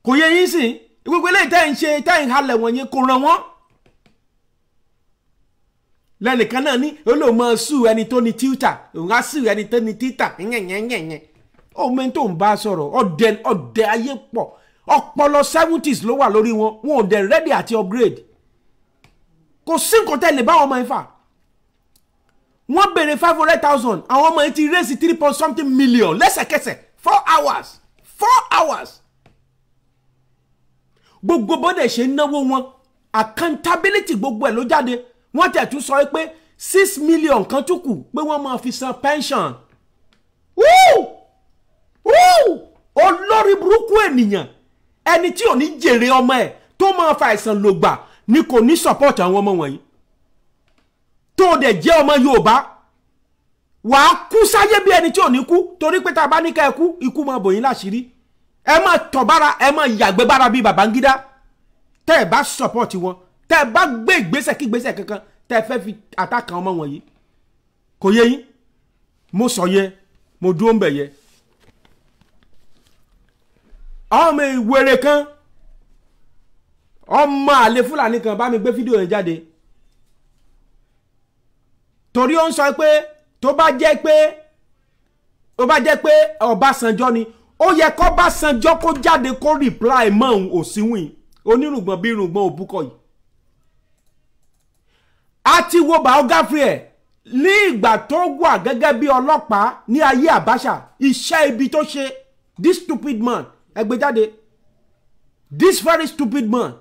kò yẹ yín sìn gbogbo eléyìí tẹ́ ń ṣe tẹ́ ń halẹ̀ wọ̀nyí kò ràn wọ́n lẹ́nìkan náà ní olóòmọ̀ sùn ẹni tó ní tíútà òun á sùn ẹni tó ní tíútà yẹn ọmọ ẹni tó ń bá sọ̀rọ̀ ọdẹ ọdẹ ayé pọ̀ ọpọlọ seventies ló wà lórí wọn wọn ò dẹ̀ ready àti upgrade kò sí nǹkan tẹ́ lè bá ọmọ yẹn fà wọ́n béèrè five hundred thousand àwọn ọmọ yẹn ti raise three point something million lẹ́sẹ̀kẹsẹ̀ four hours four hours gbogbo bọ́dẹ̀ ṣe ń náwó wọn accountability gbogbo ẹ̀ ló jáde wọ́n tẹ̀ tún sọ pé six million kan tún kù pé wọ́n máa fi san pension. Woo! olórí burúkú ènìyàn ẹni tí ò ní jèrè ọmọ ẹ̀ tó máa fa àìsàn lògbà ni kò ní support àwọn ọmọ wọ̀nyí tó dẹ̀ jẹ́ ọmọ Yorùbá wàá kú sáyé bí ẹni tí ò ní kú torí pé tá a bá ní ká ẹ kú ikú máa bòyín láṣìírí ẹ máa tọ̀ bára ẹ máa yàgbẹ́ bára bíi Babangida tẹ́ ẹ bá support wọn tẹ́ ẹ bá gbé ìgbésẹ̀ kí ìgbésẹ̀ kankan tẹ́ ẹ fẹ́ fi àtàkàn ọmọ wọ̀nyí kò yé yín mo sọ yẹ mo dúró ń bẹ̀ yẹ ọmọ ìwèrè kan ọmọ àlè fúlàní kan bá mi gbé fídíò yẹn jáde torí ó ń sọ pé tó bá jẹ́ pé ó bá jẹ́ pé Ọbásanjọ́ ni ó yẹ kó bá sanjọ́ kó jáde kó reply mọ́ òun òsínwìn onírùngbọ̀n bí irùngbọ̀n òbúkọ yìí a ti wo biography ẹ̀ ní ìgbà tó wà gẹ́gẹ́ bí ọlọ́pàá ní ayé Abacha iṣẹ́ ibi tó ṣe this stupid man ẹ gbé jáde this very stupid man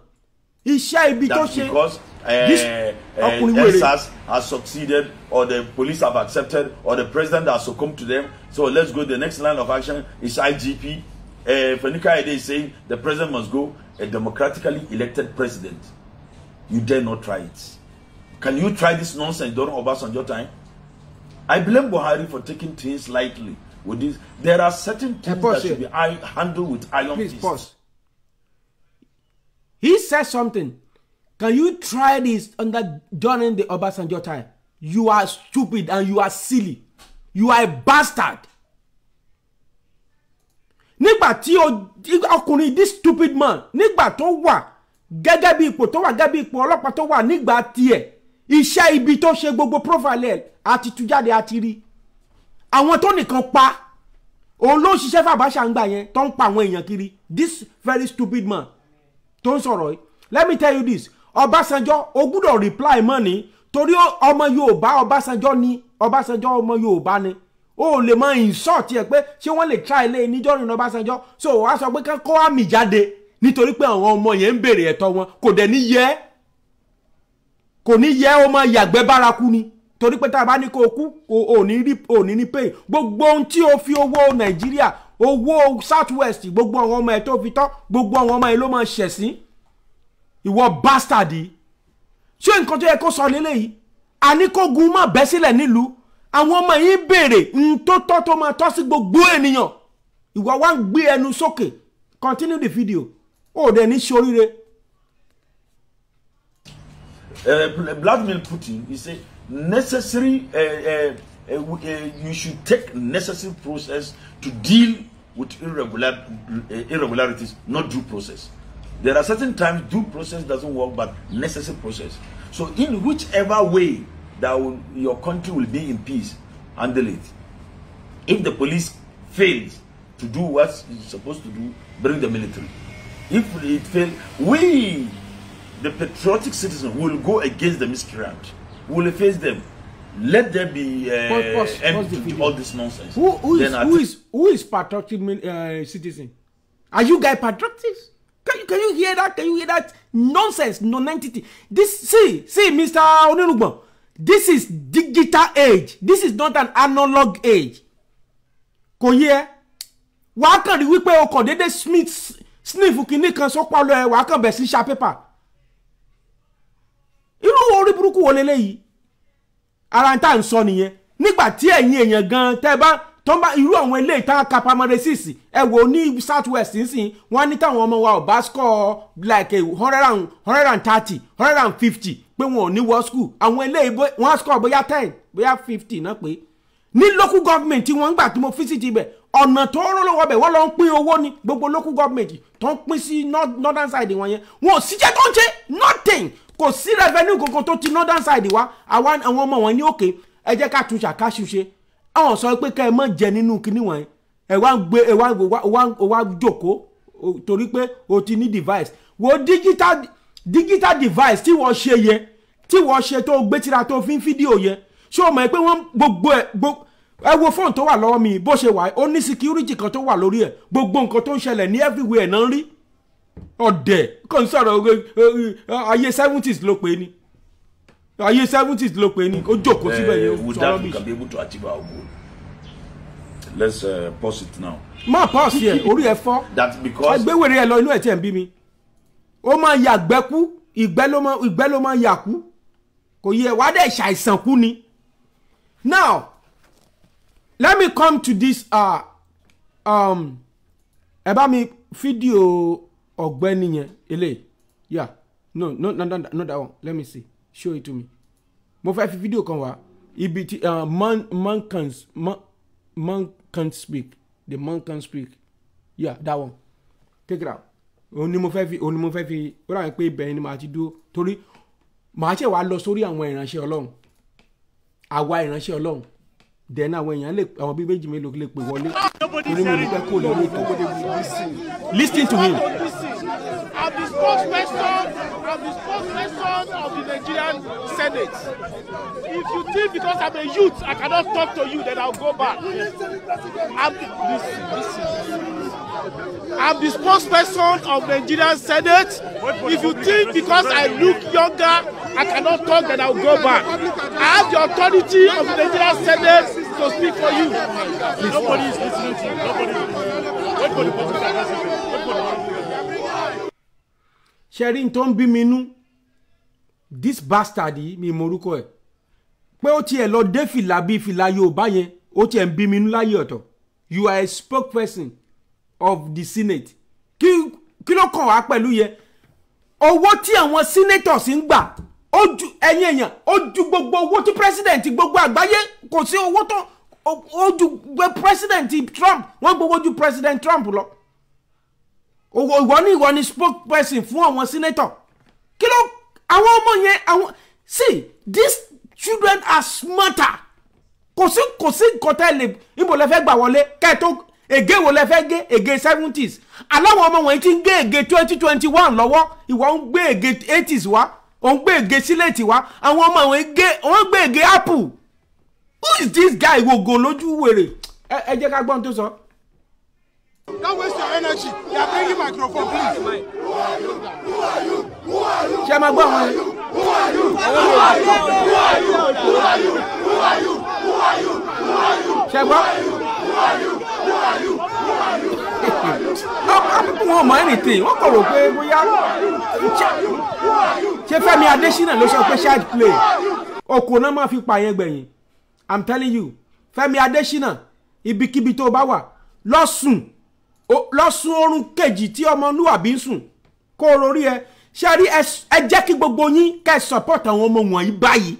iṣẹ́ ibi tó ṣe eh, this eh, ọkùnrin wèrè. SARS has succeeded or the police have accepted or the president has succumbed to them so let's go the next line of action is IGP uh, eh, Fenika Ede is saying the president must go a democratically elected president you dare not try it can you try this nonsense during Obasanjo time I blame Buhari for taking things lightly with this. There are certain things that should be I handle with iron Please, fist. Pause. He said something. Can you try this under during the Obasanjo time? You are stupid and you are silly. You are a bastard. Nígbà tí ọkùnrin this stupid man nígbà tó wà gẹ́gẹ́ bí ipò tó wà gẹ́gẹ́ bí ipò ọlọ́pàá tó wà nígbà tiẹ̀ iṣẹ́ ibi tó ṣe gbogbo profile ẹ̀ àti tú àti rí àwọn tó nìkan pa òun ló ń ṣiṣẹ́ fàbáṣà ń gbà yẹn tó ń pa àwọn èèyàn kiri this very stupid man tó ń sọ̀rọ̀ yìí let me tell you this Ọbásanjọ́ o gbúdọ̀ reply mọ́ ni torí ọmọ Yorùbá Ọbásanjọ́ ni Ọbásanjọ́ ọmọ Yorùbá ni o ò lè mọ insult yẹ pé ṣé wọ́n lè try ilé níjọ́ rìn Ọbásanjọ́ so wàá sọ pé ká kó àmì jáde nítorí pé àwọn ọmọ yẹn ń béèrè ẹ̀tọ́ wọn kò dẹ̀ ní yẹ kò ní yẹ ó máa yàgbẹ́ bárakú ni torí pé tá a bá ní kó o kú o ò ní ní pay gbogbo ohun tí o fi owó nàìjíríà owó south west gbogbo àwọn ọmọ ẹ tó fi tọ́ gbogbo àwọn ọmọ ẹ ló máa ṣẹ̀sín ìwọ bastard yìí ṣé nǹkan tó yẹ kó sọ lélẹ́yìí àníkógun má bẹ́ sílẹ̀ nílùú àwọn ọmọ yìí béèrè n tó tọ́ tó máa tọ́ sí gbogbo ènìyàn ìwọ wá ń gbé ẹnu sókè continue the video ó dẹ̀ ní ṣoríire. Uh, eh, Vladimir Putin he say necessary, uh, uh, uh, uh, you should take necessary process to deal with irregular, uh, irregularities, not due process. There are certain times due process doesn't work, but necessary process. So in whichever way that will, your country will be in peace, handle it. If the police fails to do what it's supposed to do, bring the military. If it fails, we, the patriotic citizen, will go against the miscreant. will face them let there be uh, pause, pause, pause all this nonsense. Who, who is who is who is patriotic uh, citizen? Are you guys patriotic? Can you can you hear that? Can you hear that nonsense, non-entity? This see see, Mr. Onirugbo, this is digital age. This is not an analog age. Kò yẹ wàá kàn rí wípé o déédéé smith sniff kìíní kan sọ́pọ̀ lọ́ọ́ ẹ̀ wàá kàn bẹ̀ sí ṣá pépà irú orí burúkú wo leléyìí ara tá à ń sọ nìyẹn nígbà tí ẹ̀yin èèyàn gan tẹ́ bá tó ń bá irú àwọn ilé ìtàn kapamọ́rẹ́sìsì ẹ wò ní Southwest. west nísìnyí wọ́n ní táwọn ọmọ wa ò bá score like hundred and hundred and thirty hundred and fifty pé wọn ò ní wọ school àwọn ilé ìbò wọn score bóyá ten bóyá fifty náà pé ní local government tí wọ́n ń gbà tí mo visit ibẹ̀ ọ̀nà tó ń lọ́wọ́ bẹ̀ wọ́n lọ ń pín owó ní gbogbo local government tó ń pín sí northern side wọn yẹn wọn ò síjẹ́ tó ń ṣe nothing kò sí revenue kankan tó ti northern side wa àwọn ọmọ wọn ní òkè ẹ jẹ́ ká tún ṣàkáṣù ṣe àwọn sọ pé ká ẹ mọ̀ jẹ nínú kinní wọn ẹ wá ń gbé ẹ wá wá jókòó torí pé o ti ní device wo digital digital device tí wọ́n ṣe yẹ tí wọ́n ṣe tó gbé tira tó fi ń fídíò yẹ ṣé o mọ̀ pé wọ́n gbogbo ẹ̀ gbogbo ẹ wo fóònù tó wà lọ́wọ́ mi bó ṣe wà ó ní security kan tó wà lórí ẹ̀ gbogbo nǹkan tó ń ṣẹlẹ̀ ní everywhere náà rí ọ̀dẹ̀ kàn sọ̀rọ̀ ayé seventies ló pé ni ayé seventies ló pé ni ó jókòó síbẹ̀ yẹn ó sọ̀rọ̀ bí. would be able to achieve our goal? let's uh, pause it now. má pause yẹ orí ẹ fọ́ ẹgbẹ́wèrè ẹ lọ inú ẹ̀ tí ń bí mi ó máa yàgbẹ́ kú ìgbẹ́ ló máa ìgbẹ́ kú kò yẹ wàá dẹ̀ ṣàìsàn kú ni. now let me come to this uh, um, ẹ bá mi fídíò ọ̀gbẹ́ni yẹn eléyìí yeah no no no no no that one let me see show it to me mo fẹ́ fi fídíò kan wá ibi tí uh, man man can man, man can speak the man can speak yeah that one take it out òun ni mo fẹ́ fi òun ni mo fẹ́ fi ó rà pé ibẹ̀ ni màá ti dúró torí màá ṣe wàá lọ sórí àwọn ìránṣẹ́ ọlọ́run àwa ìránṣẹ́ ọlọ́run dẹ̀ẹ́n àwọn èèyàn lè àwọn bíi méjì mélòó lè pè wọlé torí mo ní pẹ́ kó lórí ètò listen to me from the spokesperson of the Nigerian Senate. If you think because I'm a youth, I cannot talk to you, then I'll go back. I'm the, this, this. I'm the spokesperson of Nigerian Senate. If you think because I look younger, I cannot talk, then I'll go back. I have the authority of the Nigerian Senate to speak for you. Nobody is listening to you. Nobody is listening to you. Wait for the public ṣe rí n tó ń bí mi nú this bastard yìí mi mọ orúkọ ẹ̀ pé ó tiẹ̀ lọ dé fìlà bíi fìlà Yorùbá yẹn ó tiẹ̀ ń bí mi nú láyé ọ̀tọ̀ you are a spokesperson of the senate kí kí ló kàn wá pẹ̀lú yẹn owó tí àwọn senators ń gbà ẹ̀yin èèyàn ó ju gbogbo owó tí president gbogbo àgbáyé kò sí owó tó ó ju president Trump wọ́n gbowó ju president Trump lọ ìwọ ni ìwọ ni spokesperson fún àwọn senator kí ló àwọn ọmọ yẹn àwọn see these children are smarter kò sí kò sí nǹkan tẹ́ lè ibo lẹ fẹ́ gbà wọlé kẹ́ẹ̀tọ́ ègé wo lẹ fẹ́ gé ègé seventies aláwọn ọmọ wọ̀nyí ti ń gé ègé twenty twenty one lọ́wọ́ ìwọ ń gbé ègé eighties wá ò ń gbé ègé sílẹ̀tì wá àwọn ọmọ wọ̀nyí gé wọ́n gbé ègé apple who is this guy go lójú wèrè ẹ jẹ́ ká gbọ́n tó sọ. So. Don't waste your energy. You are bringing microphone, please. Who are you? Who are you? Who are you? Ṣé ẹ máa gbọ́ àwọn ẹ̀? Who are you? Who are you? Who are you? Who are you? Who are you? Who are you? Who are you? Ṣé gbọ́? Who are you? Who are you? Who are you? Who wọn mọ anything wọn kọ̀ rò pé bóyá ṣé Fẹ́mi Adésínà ló sọ pé ṣáàjì play okòó náà máa fi pààyàn gbẹ̀yìn I'm telling you Fẹ́mi Adésínà ibikíbi tó bá wà lọ́sùn lọ́sùn oorun kejì tí ọmọlúwàbí ń sùn kó o rorí ẹ ṣe rí ẹ jẹ́ kí gbogbo yín kẹ́ ẹ support àwọn ọmọ wọ̀nyí báyìí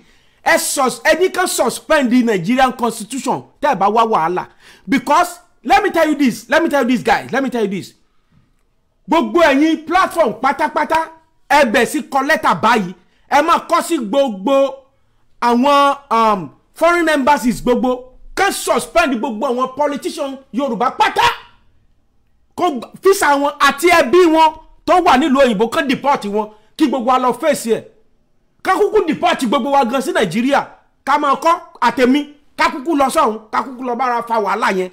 ẹ sus ẹni kan suspend the Nigerian constitution tẹ́ ẹ bá wá wàhálà because let me tell you this let me tell you this guys let me tell you this gbogbo ẹ̀yin platform pátápátá ẹ bẹ̀ sí kọ lẹ́tà báyìí ẹ máa kọ́ sí gbogbo àwọn um, foreign embassies gbogbo kan suspend gbogbo àwọn politician Yorùbá pátá kó físà wọn àti ẹbí wọn tó wà nílùú òyìnbó kán dìpọ́ọ̀tì wọn kí gbogbo wa lọ fèsì ẹ̀ kákúkú dìpọ́ọ̀tì gbogbo wa gan sí nàìjíríà ká máa kọ́ àtẹ̀mí kákúkú lọ sọ́hún kákúkú lọ bára fa wàhálà yẹn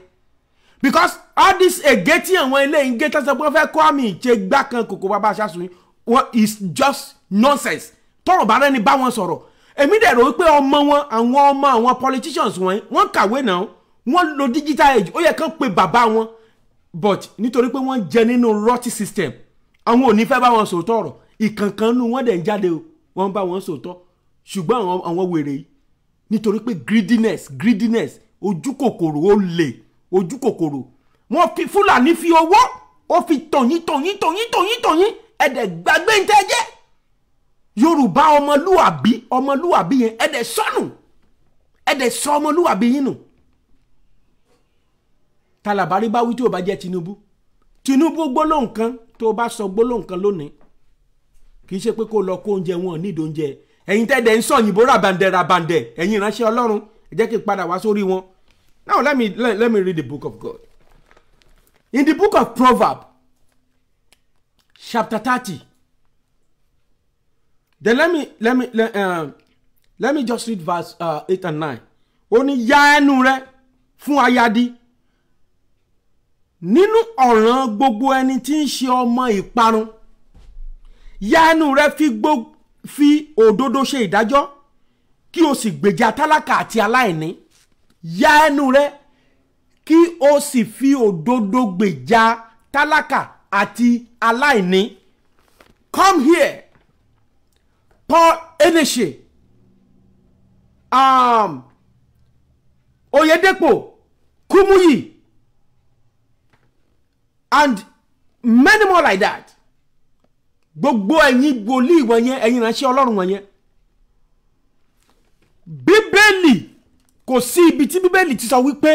because all this ege tí àwọn eléyìí ń gé tọ́sán pé wọ́n fẹ́ kọ́ àmì ìṣe gbá kan kòkó bàbá aṣáṣun wọn is just nonsense tọrọ bá rẹni bá wọn sọ̀rọ̀ èmi dẹ̀ rò wípé ọmọ wọn àwọn ọmọ àwọn politicians wọn wọ́n kàwé náà wọ́n lo digital age ó yẹ kán pe bàbá wọn but nítorí pé wọ́n jẹ nínú rotty system àwọn ò ní fẹ́ bá wọn sòótọ́ ọ̀rọ̀ ìkànkan nu wọ́n dẹ̀ ń jáde o wọ́n bá wọn sòótọ́ ṣùgbọ́n àwọn àwọn wèrè yìí nítorí pé greediness greediness ojú kòkòrò ó lè ojú kòkòrò wọ́n fi fúlàní fi owó ó fi tọ̀yìn tọ̀yìn tọ̀yìn tọ̀yìn tọ̀yìn ẹ̀dẹ̀ gbàgbé ń tẹ́ jẹ́ yorùbá ọmọlúwàbí ọmọlúwàbí yẹn ẹ̀dẹ̀ sọnù ẹ̀dẹ̀ sọ ọmọlúwàbí yín nù talabari bá wí tí ò bá jẹ́ Tinubu Tinubu gbólóhùn kan tó o bá sọ gbólóhùn kan lónìí kì í ṣe pé kó lọ kó oúnjẹ wọn nídìí oúnjẹ ẹ̀yin tẹ́lẹ̀ ń sọ òyìnbó rabandẹ rabandẹ ẹ̀yin ìránṣẹ́ Ọlọ́run ẹ jẹ́ kí n padà wá sórí wọn now let me let, let me read the book of God in the book of Proverbs chapter thirty then let me let me let, um, let me just read verse uh, eight and nine ó ní yá ẹnu rẹ fún ayadi nínú ọ̀ràn gbogbo ẹni tí ń ṣe ọmọ ìparun yánu rẹ fi gbó fi òdodo ṣe ìdájọ́ kí o sì gbèjà tálákà àti aláìní yánu rẹ kí o sì fi òdodo gbèjà tálákà àti aláìní come here Paul Eneshe um, Oyedepo Kumuyi and many more like that gbogbo ẹ̀yin wòlíì wọ̀nyẹn ẹ̀yin ránṣẹ́ ọlọ́run wọ̀nyẹn bíbélì kò sí ibi tí bíbélì ti sọ wípé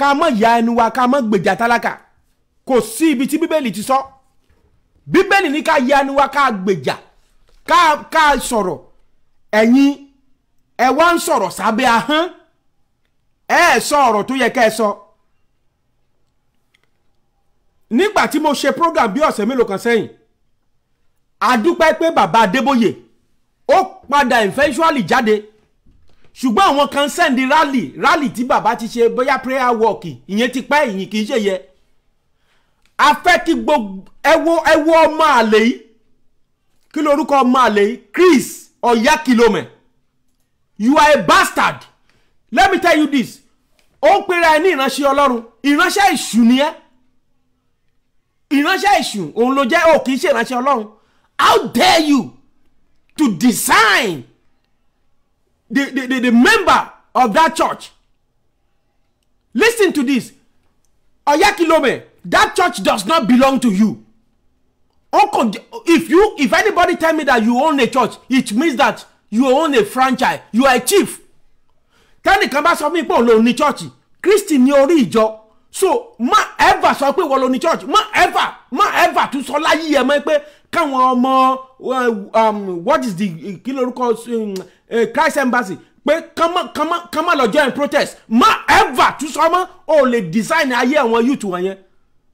ká má ya ẹnu wa ká má gbèjà tálákà kò sí ibi tí bíbélì ti sọ bíbélì ní ká ya ẹnu wa ká gbèjà ká ká sọ̀rọ̀ ẹ̀yin ẹ wá ń sọ̀rọ̀ sábẹ́ ahọ́n ẹ sọ ọ̀rọ̀ tó yẹ ká ẹ sọ. So nígbà tí mo ṣe program bí ọ̀sẹ̀ mélòó kan sẹ́yìn àdúpẹ́ pé bàbá Adébóyè ó padà eventually jáde ṣùgbọ́n àwọn kan send rally rally tí bàbá ti ṣe bóyá prayer walk ìyẹn ti pẹ́ ìyìn kì í ṣe yẹ a fẹ́ kí gbogbo ẹwọ́ ọmọ àlè yìí kí lorúkọ ọmọ àlè yìí Chris ọ̀yá kìlómẹ̀ you are a bastard let me tell you this ó ń pera ẹ ní ìránṣẹ́ Ọlọ́run ìránṣẹ́ ìṣù ìránṣẹ́ èṣù òun ló jẹ́ ò kì í ṣe ìránṣẹ́ ọlọ́run how dare you to design the, the the the member of that church listen to this oyakilome that church does not belong to you if you if anybody tell me that you own a church it means that you own a franchise you are a chief tẹ́nìkan bá sọ fún mi pé òun lòun ní church Kristi ní orí ìjọ so ma ever sọ pé wọ́n lọ ní church ma ever ma ever tún sọ láyé ẹ̀ mọ́ pé káwọn ọmọ eh, um, what is the eh, kí lorúkọ um, eh, Christ Embassy pé kán má lọ join protest má ever tún sọ mọ́ o lè design ayé àwọn youth wọn yẹn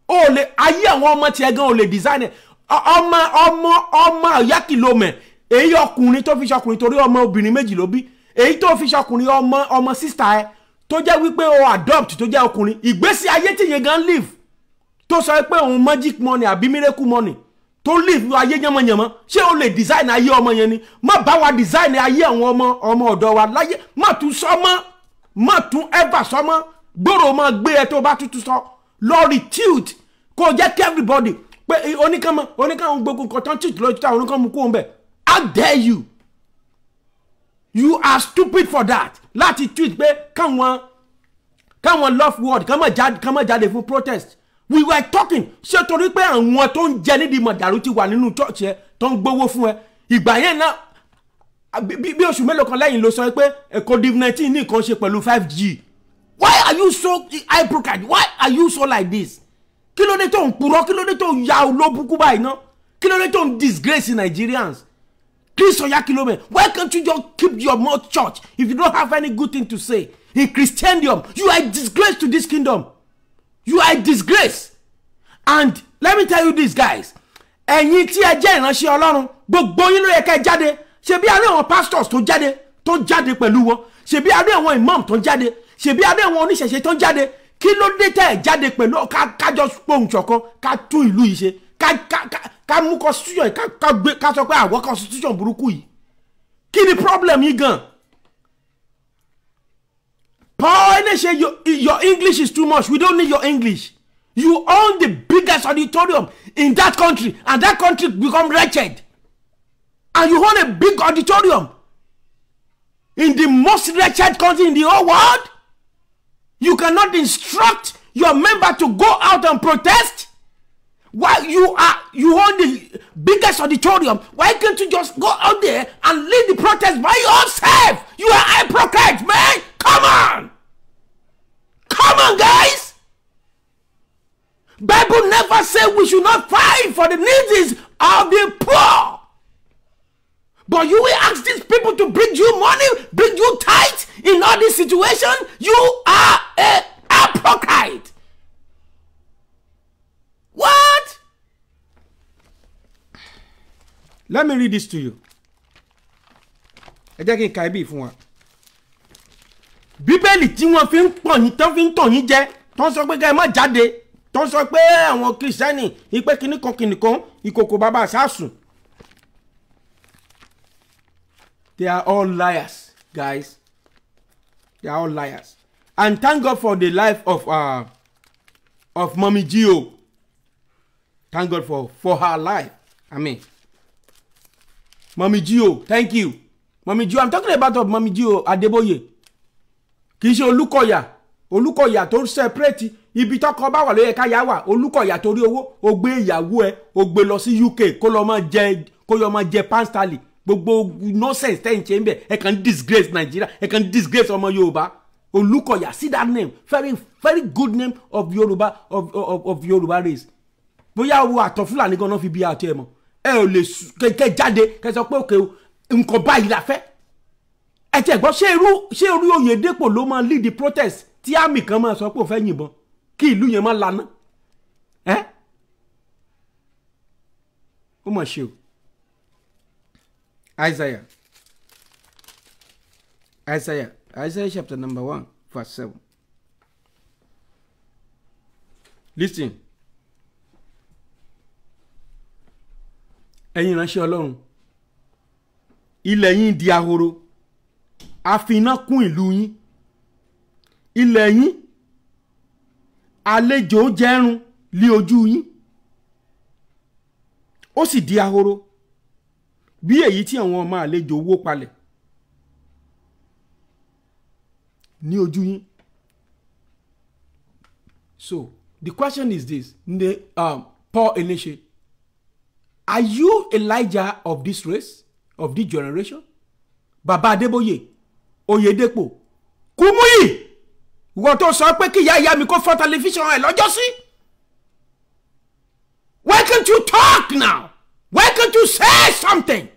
o lè ayé àwọn ọmọ tiẹ̀ gan o lè design ẹ̀ ọmọ ọmọ ọmọ ọ̀yá kìlómẹ̀ èyí ọkùnrin tó fi ṣọkùnrin torí ọmọ obìnrin méjì ló bí èyí tó fi ṣọkùnrin ọmọ ọmọ sísá ẹ̀ tó jẹ́ wípé o adopt tó jẹ́ ọkùnrin ìgbésí ayé tí yẹn gan live tó sọ pé òun magic money àbí miracle money tó live ayé yánmọ́yánmọ́ ṣé o lè design ayé ọmọ yẹn ni má bá wa design ayé àwọn ọmọ ọmọ ọ̀dọ́ wa láyé má tún sọ mọ́ má tún ever sọ mọ́ gbòòrò máa gbé ẹ tó bá tuntun sọ lọ retute kó jẹ́ kí everybody pé oníkànmọ́ oníkànmọ́ gbogbo nǹkan tán tìtì lójú táwọn oníkànmọ́ kó ń bẹ̀ how dare you you are stupid for that láti tweet pé káwọn káwọn love word kán mọ̀ jáde fún protest we were talking ṣé torí pé àwọn tó ń jẹ nídìí mọ̀dàrú ti wà nínú church ẹ tó ń gbowó fún ẹ ìgbà yẹn náà bí oṣù mélòó kan lẹ́yìn ló sọ pé covid nineteen ní nǹkan ṣe pẹ̀lú five g why are you so hypocrite why are you so like this kí ló dé tó ń purọ́ kí ló dé tó ń ya olóbùkú báyìí ná kí ló dé tó ń disgrace Nigerians Chris Oyakilome, why can't you just keep your mouth shut if you don't have any good thing to say? In Christendom, you are a disgrace to this kingdom. You are a disgrace. And let me tell you this, guys. Ẹ̀yin tí ẹ jẹ́ ìránṣẹ́ Ọlọ́run, gbogbo yín ló yẹ ká jáde. Ṣebí a rí àwọn pastors tó jáde tó jáde pẹ̀lú wọn. Ṣebí a rí àwọn imam tó jáde. Ṣebí a rí àwọn oníṣẹ̀ṣe tó jáde. Kí ló dé tẹ̀ jáde pẹ̀lú kájọ pohùn ṣọ̀kan ká tún ìlú yìí ṣe? ká mú constitution yìí ká gbé ká sọ pé àwọn constitution burúkú yìí kí problem yìí gan Paul Enesha your, your English is too much we don't need your English you own the biggest auditorium in that country and that country become wretched and you own a big auditorium in the most wretched country in the whole world you cannot instruct your member to go out and protest why you are you hold the biggest auditorium why can't you just go out there and lead the protest by yourself you are hypocrite man come on come on guys bible never say we should not fight for the needs of the poor but you will ask these people to bring you money bring you tight in all this situation you are a hypocrite What? Let me read this to you. Ẹ jẹ́ kí n ka ibi fún wa. Bíbélì tí wọ́n fi ń pọ̀ yín tán fi ń tọ̀ yín jẹ tó ń sọ pé ká má jáde tó sọ pé àwọn kìrìsìtẹ́nì ìpè kìnnìkan kìnnìkan ìkòkò bàbá àṣàsùn. They are all liars, guys. They are all liars. And thank God for the life of, uh, of Mommy Gio. Thank God for for her life. Amen. Mami Gio, thank you. Mami Gio, I'm talking about of Mommy Gio Adeboye. Kì í ṣe Olúkọ̀yà. Olúkọ̀yà tó ń separate ibi tọkọ bá wà ló yẹ káyà wà. Olúkọ̀yà torí owó o gbé ìyàwó ẹ o gbé lọ sí UK kó lọ máa jẹ kó yọ máa jẹ pound sterling. Gbogbo nonsense tẹ́ ṣe ń bẹ̀ ẹ kàn disgrace Nàìjíríà ẹ kàn disgrace ọmọ Yorùbá. Olúkọ̀yà see that name very very good name of Yorùbá of of of Yorùbá race bóyá wo àtọ̀ fúlàní gan-an fi bí àti ẹ̀ mọ́ ẹ ò lè kẹ̀kẹ́ jáde kẹ́ sọ pé òkè nǹkan báyìí la fẹ́ ẹ tẹ̀ gbọ́ ṣé irú ṣé irú Oyèdèpọ̀ ló máa lead the protest tí àmì kan máa sọ pé òun fẹ́ yìnbọn kí ìlú yẹn máa lana ẹ́ ó mà ṣe o Isaiah Isaiah Isaiah chapter number one verse seven listen. ẹ̀yin ránṣẹ́ ọlọ́run ilẹ̀ yín di ahoro a fi iná kún ìlú yín ilẹ̀ yín àlejò jẹ́rùn lé ojú yín ó sì di ahoro bí èyí tí àwọn ọmọ àlejò wó palẹ̀ ní ojú yín so the question is this ne um, Paul Eneche are you Elijah of this race of this generation bàbá Adébóyè Oyèdépò Kúmúyì ìwọ tó sọ pé kí ìyá ìyá mi kó fọ́ tẹlifíṣàn ẹ̀ lọ́jọ́sí why can't you talk now why can't you say something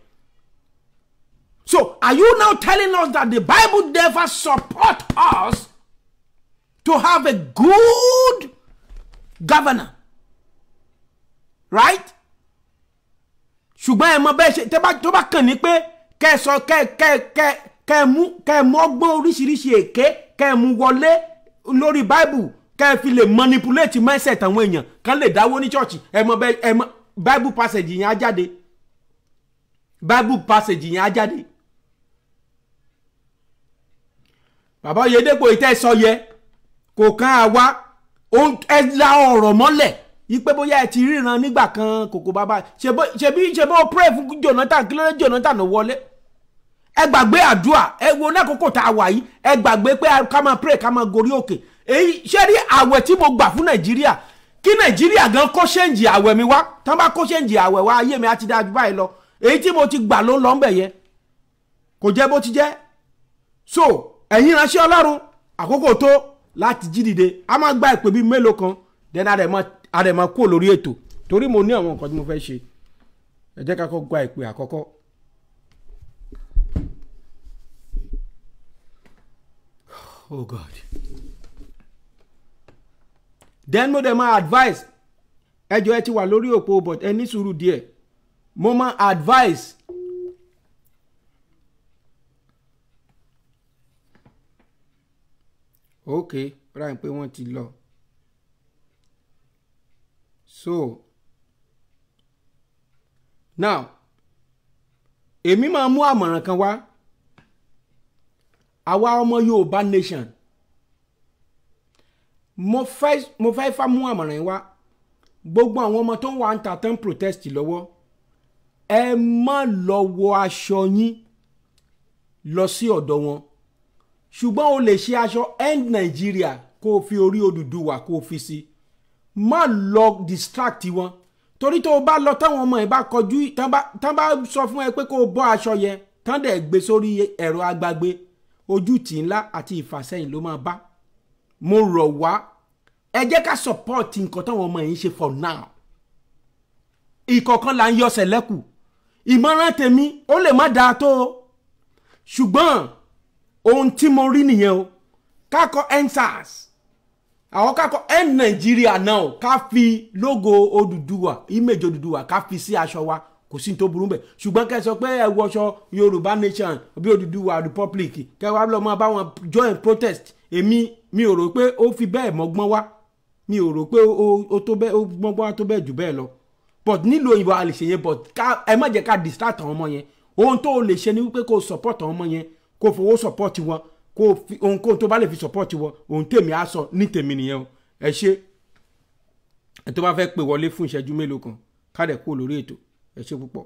so are you now telling us that the Bible never support us to have a good governor right ṣùgbọ́n ẹ mọ bẹ́ẹ̀ ṣe tẹ́ bá tó bá kàn ní pé kẹ́ ẹ sọ kẹ́ kẹ́ kẹ́ kẹ́ ẹ mú kẹ́ ẹ mú ọgbọ́n oríṣiríṣi èké kẹ́ mú wọlé lórí bible kẹ́ ẹ fi lè manipulate mindset àwọn èèyàn kan lè dáwó ní church ẹ mọ bẹ́ẹ̀ ẹ mọ bible passage yẹn á jáde bible passage yẹn á jáde. bàbá Oyèdèpọ̀ ìtẹ́ sọ yẹ kò kan àwa ẹ la ọ̀rọ̀ mọ́lẹ̀ ipe bóyá ẹ ti ríran nígbà kan kòkó bàbá ṣebí ṣebí o pray fún Jonathan kí ló Jonathan ò wọlé ẹ gbàgbé àdúrà ẹ wo lákòókò tá a wà yìí ẹ gbàgbé pé ká máa pray ká máa gorí òkè èyí ṣé rí àwẹ̀ tí mo gbà fún Nàìjíríà kí Nàìjíríà gan kó ṣẹ́ǹjì àwẹ̀ mi wá tán bá kó ṣẹ́ǹjì àwẹ̀ wá ayé mi á ti dájú báyìí lọ èyí tí mo ti gbà ló ń lọ ńbẹ̀ yẹn kò jẹ́ bó ti jẹ́ so ẹ̀yin ránṣẹ́ Ọlọ́run àkókò tó láti jí dìde a máa gba ìpè bíi mélòó kan dẹ́nà rẹ̀ mọ́ àrẹ̀mọ kúrò lórí ètò torí mo ní àwọn nǹkan tí mo fẹ́ ṣe ẹ jẹ́ ká kọ́ gba ìpè àkọ́kọ́. oh god then mo dẹ̀ máa advice ẹjọ́ ẹ ti wà lórí òpó but ẹ ní sùúrù díẹ̀ mo máa advice ok ráyìn pé wọ́n ti lọ so now èmi máa mú àmọ̀ràn kan wá àwa ọmọ Yorùbá nation mo fẹ́ mo fẹ́ fà mú àmọ̀ràn wá gbogbo àwọn ọmọ tó ń wà ń ta tán protest lọ́wọ́ ẹ má lọ wọ aṣọ yín lọ sí ọ̀dọ̀ wọn ṣùgbọ́n o lè ṣe aṣọ end Nigeria kó o fi orí Odùduwà kó o fi sí má lọ distract wọn torí tó o bá lọ táwọn ọmọ ẹ bá kọjú tán bá sọ fún ẹ pé kó o bọ́ aṣọ yẹn tán dẹ̀ gbé sórí ẹ̀rọ agbagbe ojútì ńlá àti ìfàsẹ́yìn ló máa bá mo rọ̀ wá ẹ jẹ́ ká support nǹkan táwọn ọmọ yìí ń ṣe for now ìkọ̀kan là ń yọ sẹ̀lẹ́kù ìmọ̀ràn tèmi ó lè má dáa tó o ṣùgbọ́n ohun tí mo rí nìyẹn o ká kọ àwọn kakọ end nàìjíríà náà ká fi logo Oduduwa, image Oduduwa, ká fi sí aṣọ wa kò sí tó burú bẹ̀ ṣùgbọ́n kẹ́ ẹ sọ pé ẹ wọṣọ Yorùbá nation bí Oduduwa republic kẹ́ wàá lọ́ọ́ máa bá join protest èmi mi ò rò pé ó fi bẹ́ẹ̀ mọ́gbọ́n wá mi ò rò pé ó tó bẹ́ẹ̀ ó mọ́gbọ́n wá tó bẹ́ẹ̀ jù bẹ́ẹ̀ lọ but nílò òyìnbó a lè ṣe yẹn but ẹ má jẹ́ ká distract àwọn ọmọ yẹn ohun tó o lè ṣe ni wípé kó support àwọn ọmọ yẹn kó fowó support wọn kó fi ohunkóhun tó bá lè fi support wọ ohun tèmi á sọ ní tèmi nìyẹn o ẹ ṣe ẹ tó bá fẹ́ pè wọlé fún ìṣẹ́jú mélòó kan kádẹ̀ kúrò lórí ètò ẹ ṣe púpọ̀.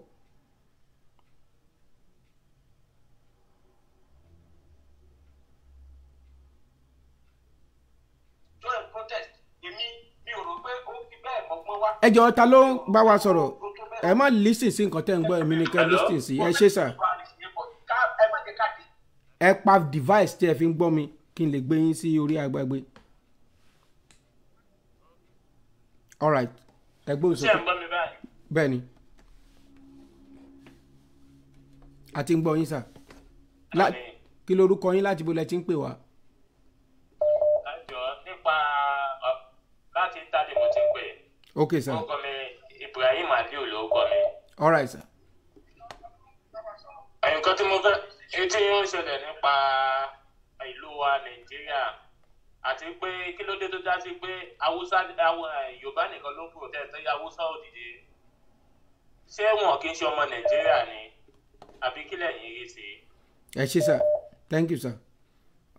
ẹ jọ̀ọ́ ta ló ń bá wa sọ̀rọ̀ ẹ má lísìn sí nǹkan tẹ́ ń gbọ́ ẹ̀mí ni kẹ́ lísìn sí ẹ ṣe sà ẹ pa device tí ẹ fi ń gbọ́ mi kí n lè gbé yín sí orí agbègbè. all right ẹ gbóhùn sókè. ṣé ẹ ń bẹ́ẹ̀ ni a ti ń gbọ́ yín sà kí lorúkọ yín láti bo lẹ ti ń pè wá. ok sir. orúkọ mi Ibrahim Aliu lorúkọ mi. all sir. àyùnkọ́ tí mo fẹ́ ṣé tí ṣẹlẹ̀ nípa ìlú wa nàìjíríà àti pé kí ló dé tó já pé haúsá eh, yorùbá nìkan ló ń protest ẹ̀yà haúsá ò ṣé wọn kì í ṣe ọmọ nàìjíríà ni àbí kí lẹ́yìn rí sí. ẹ ṣé sir thank you sir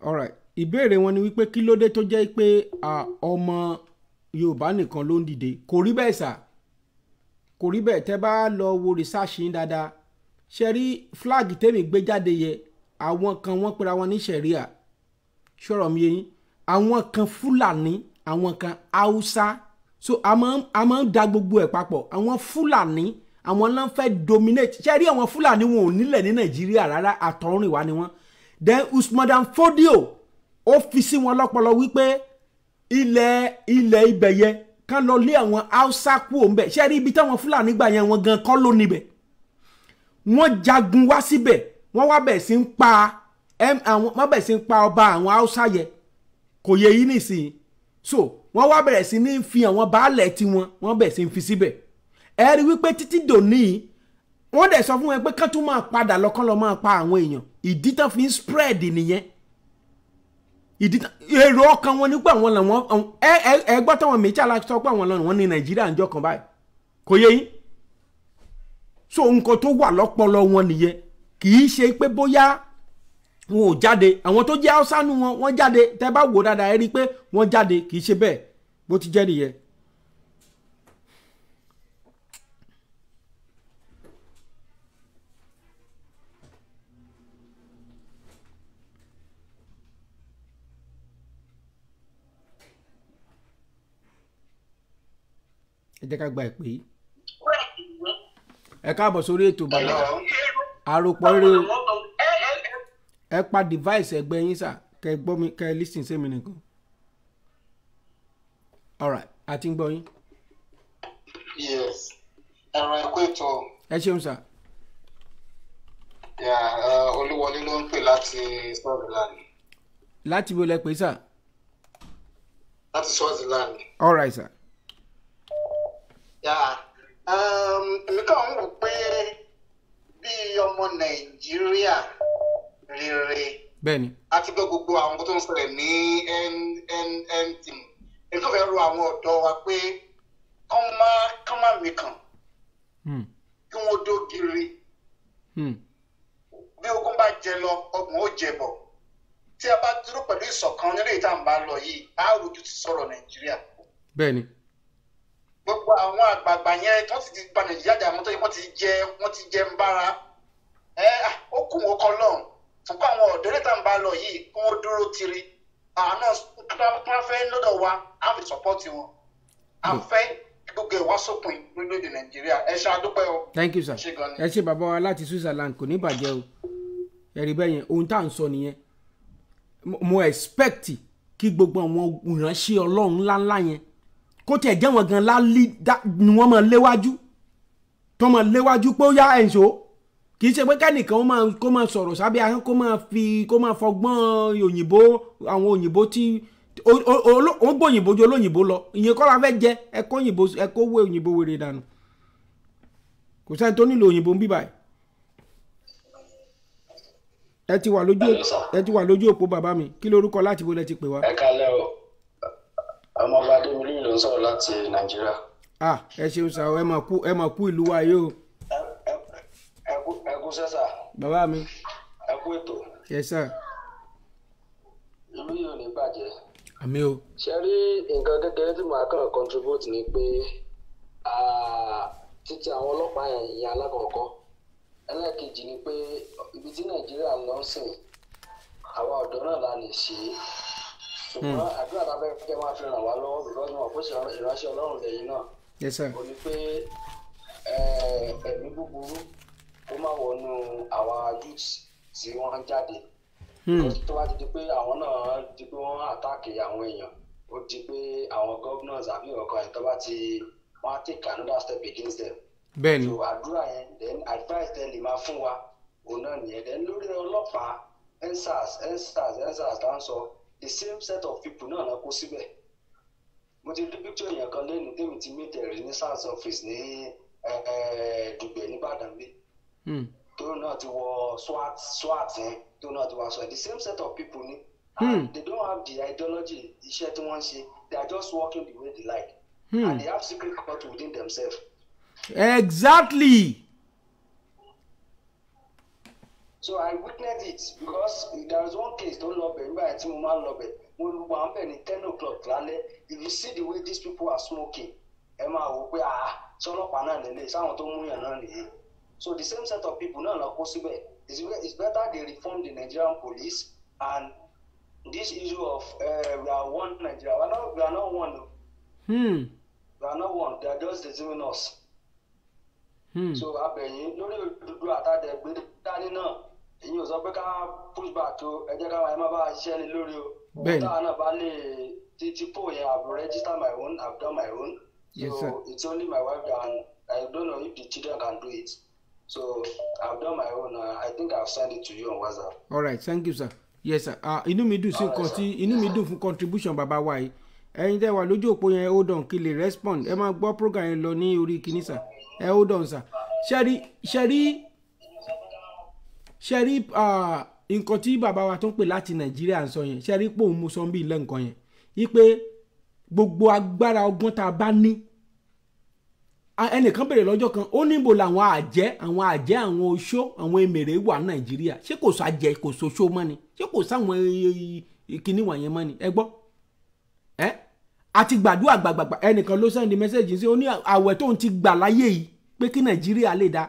all right ìbéèrè wọn ni wípé kí ló dé tó jẹ́ pé ọmọ yorùbá nìkan ló ń dìde kò rí bẹ́ẹ̀ sà kò rí bẹ́ẹ̀ tẹ́ bá lọ wo research yín dáadáa ṣẹ̀rí flag tèmi gbé jáde yẹ àwọn kan wọ́n pera wọn ní ṣẹ̀ríà ṣọ̀rọ̀ mi yẹn àwọn kan fúlàní àwọn kan haúsá so a máa ń da gbogbo ẹ̀ papọ̀ àwọn fúlàní àwọn náà fẹ́ dominate ṣẹ́rí àwọn fúlàní wọn ò nílẹ̀ ní nàìjíríà rárá àtọ̀rìnwá ni wọ́n then Usman Dan Fodio ó fi sí wọn lọ́pọlọ wípé ilẹ̀ ilẹ̀ ibẹ̀ yẹ kán lọ lé àwọn haúsá kúò ńbẹ̀ ṣẹ́rí ibi táwọn fúlàní gbà yẹn wọn gan kọ́ ló níbẹ̀ wọ́n jagun wá síbẹ̀ wọ́n wá bẹ̀ sí ń pa wọ́n bẹ̀ sí ń pa ọba àwọn haúsá yẹ kò yẹ yìí nìsín so wọ́n wá bẹ̀rẹ̀ sí ní fi àwọn baálẹ̀ tiwọn wọ́n bẹ̀ sí ń fi síbẹ̀ ẹ rí wípé títí dòní wọ́n dẹ̀ sọ fún wọn pé kán tún máa padà lọ́kàn lọ́ máa pa àwọn èèyàn ìdí tán fi ń spread nìyẹn ìdí tán èrò ọkàn wọn nípa àwọn làwọn ẹ ẹ gbọ́ táwọn méjì aláṣọ pé àwọn lọ́nà wọn ní nàìjíríà ń jọ kàn báyìí kò yẹ yín so nǹkan tó wà lọ́pọlọ wọn nìyẹn kì í ṣe pé bóyá wọn ò jáde àwọn tó jẹ́ haúsá nu wọn wọ́n jáde tẹ́ bá wò dáadáa ẹ rí i pé wọ́n jáde kì í ṣe bẹ́ẹ̀ bó ti jẹ́ nìyẹn. ẹ jẹ́ ká gba ìpè yìí ẹ káàbọ̀ sórí ètò bàbá àròpọ̀ eré ẹ pa device ẹgbẹ́ yín sà kẹ gbọ́ mi kẹ listen sí mi nìkan alright àti ń gbọ́ yín. yes ẹ̀rọ ẹ̀kọ́ ètò. ẹ ṣeun sà. olúwọlé ló ń pè láti swaziland. láti wo lẹ pè sà. láti swaziland. alright sà. Yeah èmi kàn ń wò pé bí ọmọ nàìjíríà rere bẹ́ẹ̀ni àti pé gbogbo àwọn tó ń ṣẹlẹ̀ ní nnntm èmi kàn fẹ́ rọ̀ àwọn ọ̀dọ́ wa pé kán má kán má mi kàn hmm. kí wọ́n dó giri hmm. bí ogún bá jẹ lọ ọgbọ̀n ó jẹ bọ̀ tí a bá dúró pẹ̀lú ìṣọ̀kan nílé ìta ń bá lọ yìí á rojú ti sọ̀rọ̀ nàìjíríà. bẹ́ẹ̀ni gbogbo àwọn àgbààgbà yẹn tó ti di ba nàìjíríà jà mọ́tò yìí wọ́n ti jẹ wọ́n ti jẹ ń bára ẹ ó kù wọ́n kọ́ lọ́hùn fún kó àwọn ọ̀dọ́ níta ń bá lọ yìí kó wọ́n dúró tiri àánú tó fẹ́ lọ́dọ̀ wa á fi sọ́pọ́tì wọn á hmm. fẹ́ gbogbo ìwà sópin lórílẹ̀‐èdè nàìjíríà ẹ ṣe àdúpẹ́ o. thank you sir ẹ ṣe bàbá wa láti switzerland kò ní bàjẹ́ o ẹ̀rí bẹ́ẹ̀ yẹn ohun tá à ń sọ nìyẹn mo expect kí gbogbo àwọn ìránṣẹ́ ọlọ́run ńláńlá yẹn kó tiẹ̀ jẹ́ wọn gan lálí ni wọ́n máa léwájú tó máa léwájú pé ó yá ẹ̀ǹṣó kì í ṣe pé kẹ́nìkan ó máa kó máa sọ̀rọ̀ sábẹ́ ahọ́n kó máa fi kó máa fọgbọ́n òyìnbó àwọn òyìnbó tí ó gbọ́ òyìnbó ju olóyìnbó lọ ìyẹn kọ́ la fẹ́ jẹ ẹ̀kọ́ òyìnbó ẹ̀kọ́ wé òyìnbó wèrè dànù kò sẹ́ni tó nílò òyìnbó ń bíbà ẹ̀ ẹ ti wà lójú ẹ ti wà lójú òpó bàbá mi kí lorúkọ láti bo lẹ ti pè wá. ẹ kalẹ o ọmọ bàdé orí sọ̀rọ̀ láti nàìjíríà. ah ẹ ṣeun sá ẹ mà kú ẹ mà kú ìlú wa yìí o. ẹ kú sẹ́sà. bàbá mi. ẹ kú ètò. yẹ sà. ìlú yìí ò ní bàjẹ́. àmì o. ṣe rí nǹkan kékeré tí màá kàn contribute ni pé títí àwọn ọlọ́pàá yẹn ìyẹn alákọ̀ọ́kọ́ ẹlẹ́ẹ̀kejì ni pé ibi tí nàìjíríà ń àwa ọ̀dọ́ náà la lè ṣe é. Hmm. ṣùgbọ́n àdúrà tá a fẹ́ kẹ́ máa fi ràn wá lọ́wọ́ because wọn kò sì ìránṣẹ́ ọlọ́run lẹ́yìn náà kò ní pé ẹ̀mí búburú kó má wọnú àwọn youths tí wọ́n jáde hmm. tó bá ti di pé àwọn náà di pé wọ́n àtàkì àwọn èèyàn ó di pé àwọn governors àbí ọ̀kan ẹ̀ tó bá ti wọ́n á take another step against them. bẹ́ẹ̀ni so àdúrà yẹn then advice tẹ́ lè máa fún wa òun náà nìyẹn then lórí ọlọ́pàá endsars endsars endsars tá à sọ. So, the same set of people náà la kó síbẹ̀ mo ti rí picture yẹn kan lẹ́nu tèmi ti meet the renaissance office ní Dùgbẹ̀ nìbàdàn bí hmm. tóun náà ti wọ swat swat yẹn tóun náà ti wọ aṣọ the same set of people ni hmm. and they don't have the ideology iṣẹ́ tí wọ́n ń ṣe they are just working the way they like hmm. and they have secret cult within themselves. exactly so I witnessed it because there is one case tó ń lọ bẹ̀ nígbà tí mo máa ń lọ bẹ̀ mo wà ń bẹ̀ ní ten o'clock lálẹ́ if you see the way these people are smoking ẹ máa wò pé ah ṣé ọlọ́pàá náà lélẹ̀ sáwọn tó mú náà nìyí so the same set of people náà lọ kó síbẹ̀ it's better they reform the Nigerian police and this issue of uh, we are one Nigeria we are not, we are not one o. Hmm. we are not one they are just deceiving us. Hmm. so abẹ̀yìn lórí Odùduwà àtàdẹ̀gbẹ́ dání náà èyí sọ pé ká push back o ẹ jẹ́ káwa má bá ṣiṣẹ́ lé lórí o bẹ́ẹ̀ni táwa náà bá lè ti ti pò yẹn i will register my own i have done my own yes, so sir. it's only my wife that and i don't know if the children can do it so i have done my own uh, i think i have sent it to you on whatsapp. all right thank you sir yes sir uh, inú mi dùn sí nǹkan tí inú mi dùn fún contribution bàbá wa yìí ẹyin tẹ wà lójú òpó yẹn hold on kí lè respond ẹ máa gbọ́ program yẹn lọ ní orí kìíní sà ẹ hold on sà ṣẹ́rí ṣẹ́rí ṣe rí nǹkan tí bàbá wa tó ń pè láti nàìjíríà ń sọ yẹn ṣe rí pé òun mú sọ bí ilé nǹkan yẹn wípé gbogbo agbára ọgbọ́n tá a bá ní ẹnìkan bèrè lọ́jọ́ kan ó níbo làwọn àjẹ́ àwọn àjẹ́ àwọn oṣó àwọn emèrè wà nàìjíríà ṣé kò sọ àjẹ́ kò sọṣó mọ́ ni ṣé kò sáwọn kinní wọ̀nyẹn mọ́ ni ẹ gbọ́ ẹ àti gbàdúrà gbàgbàgbà ẹnìkan ló sẹ́ndí mẹ́sẹ̀gì sí ó ní àwẹ̀ tóun ti gbà láyé yìí pé kí nàìjíríà lè da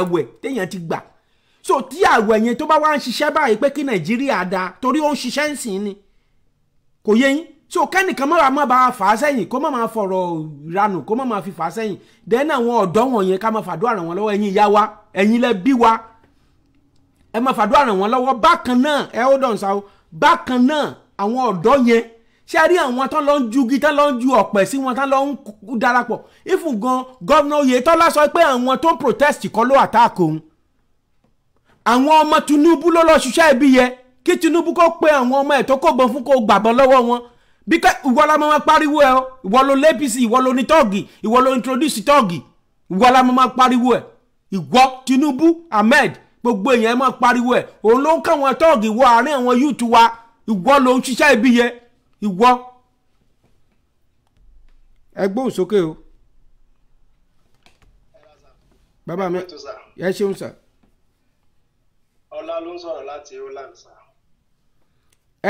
àwẹ̀ téèyàn ti gbà so tí àwẹ̀ yẹn tó bá wá ń ṣiṣẹ́ báyìí pé kí nàìjíríà da torí ó ń ṣiṣẹ́ ń sìn ni kò yé yín so kẹ́nìkan mọ́ra mọ́ bá fà á sẹ́yìn kó má máa fọ̀rọ̀ ranù kó má máa fi fà á sẹ́yìn dẹ́n àwọn ọ̀dọ́ wọ̀nyẹn ká máa fàdúrà ràn wọ́n lọ́wọ́ ẹ̀yin ìyá wa ẹ̀yin lẹ bí wa ẹ máa fàdúrà ràn wọ́n lọ́wọ́ bákan náà ẹ ó dọ̀n sa o bákan náà àwọn ọ̀dọ́ yẹn ṣé rí àwọn tán lọ ń ju igi tán lọ ń ju ọ̀pẹ̀ sí wọn tán lọ ń darapọ̀ ifun gan gọ́vnà Oyètọ́lá sọ pé àwọn tó ń protest kọ́ ló àtàkùn òun àwọn ọmọ Tinubu ló lọ́ọ́ ṣiṣẹ́ ibi yẹ kí Tinubu kó pe àwọn ọmọ ẹ̀ tó kó gbọ́n fún kó gbàgbọ́ lọ́wọ́ wọn bí ká ìwọ la máa pariwo ẹ ìwọ ló lé APC ìwọ ló ní tọ́ọ̀gì ìwọ ló introduce tọ́ọ̀gì ìwọ la máa pariwo ẹ ìwọ Tinubu Ahmed gbogbo èèyàn máa pariwo ẹ òun ló ń káwọn tọ́ọ̀gì wọ àárín àwọn yúùtù wa ìwọ ló ń ṣiṣẹ́ ibi yẹ ìwọ. ẹ gbóhùn sókè o bàbá mi ẹ ṣeun sir ọlá ló ń sọ̀rọ̀ láti roland sá.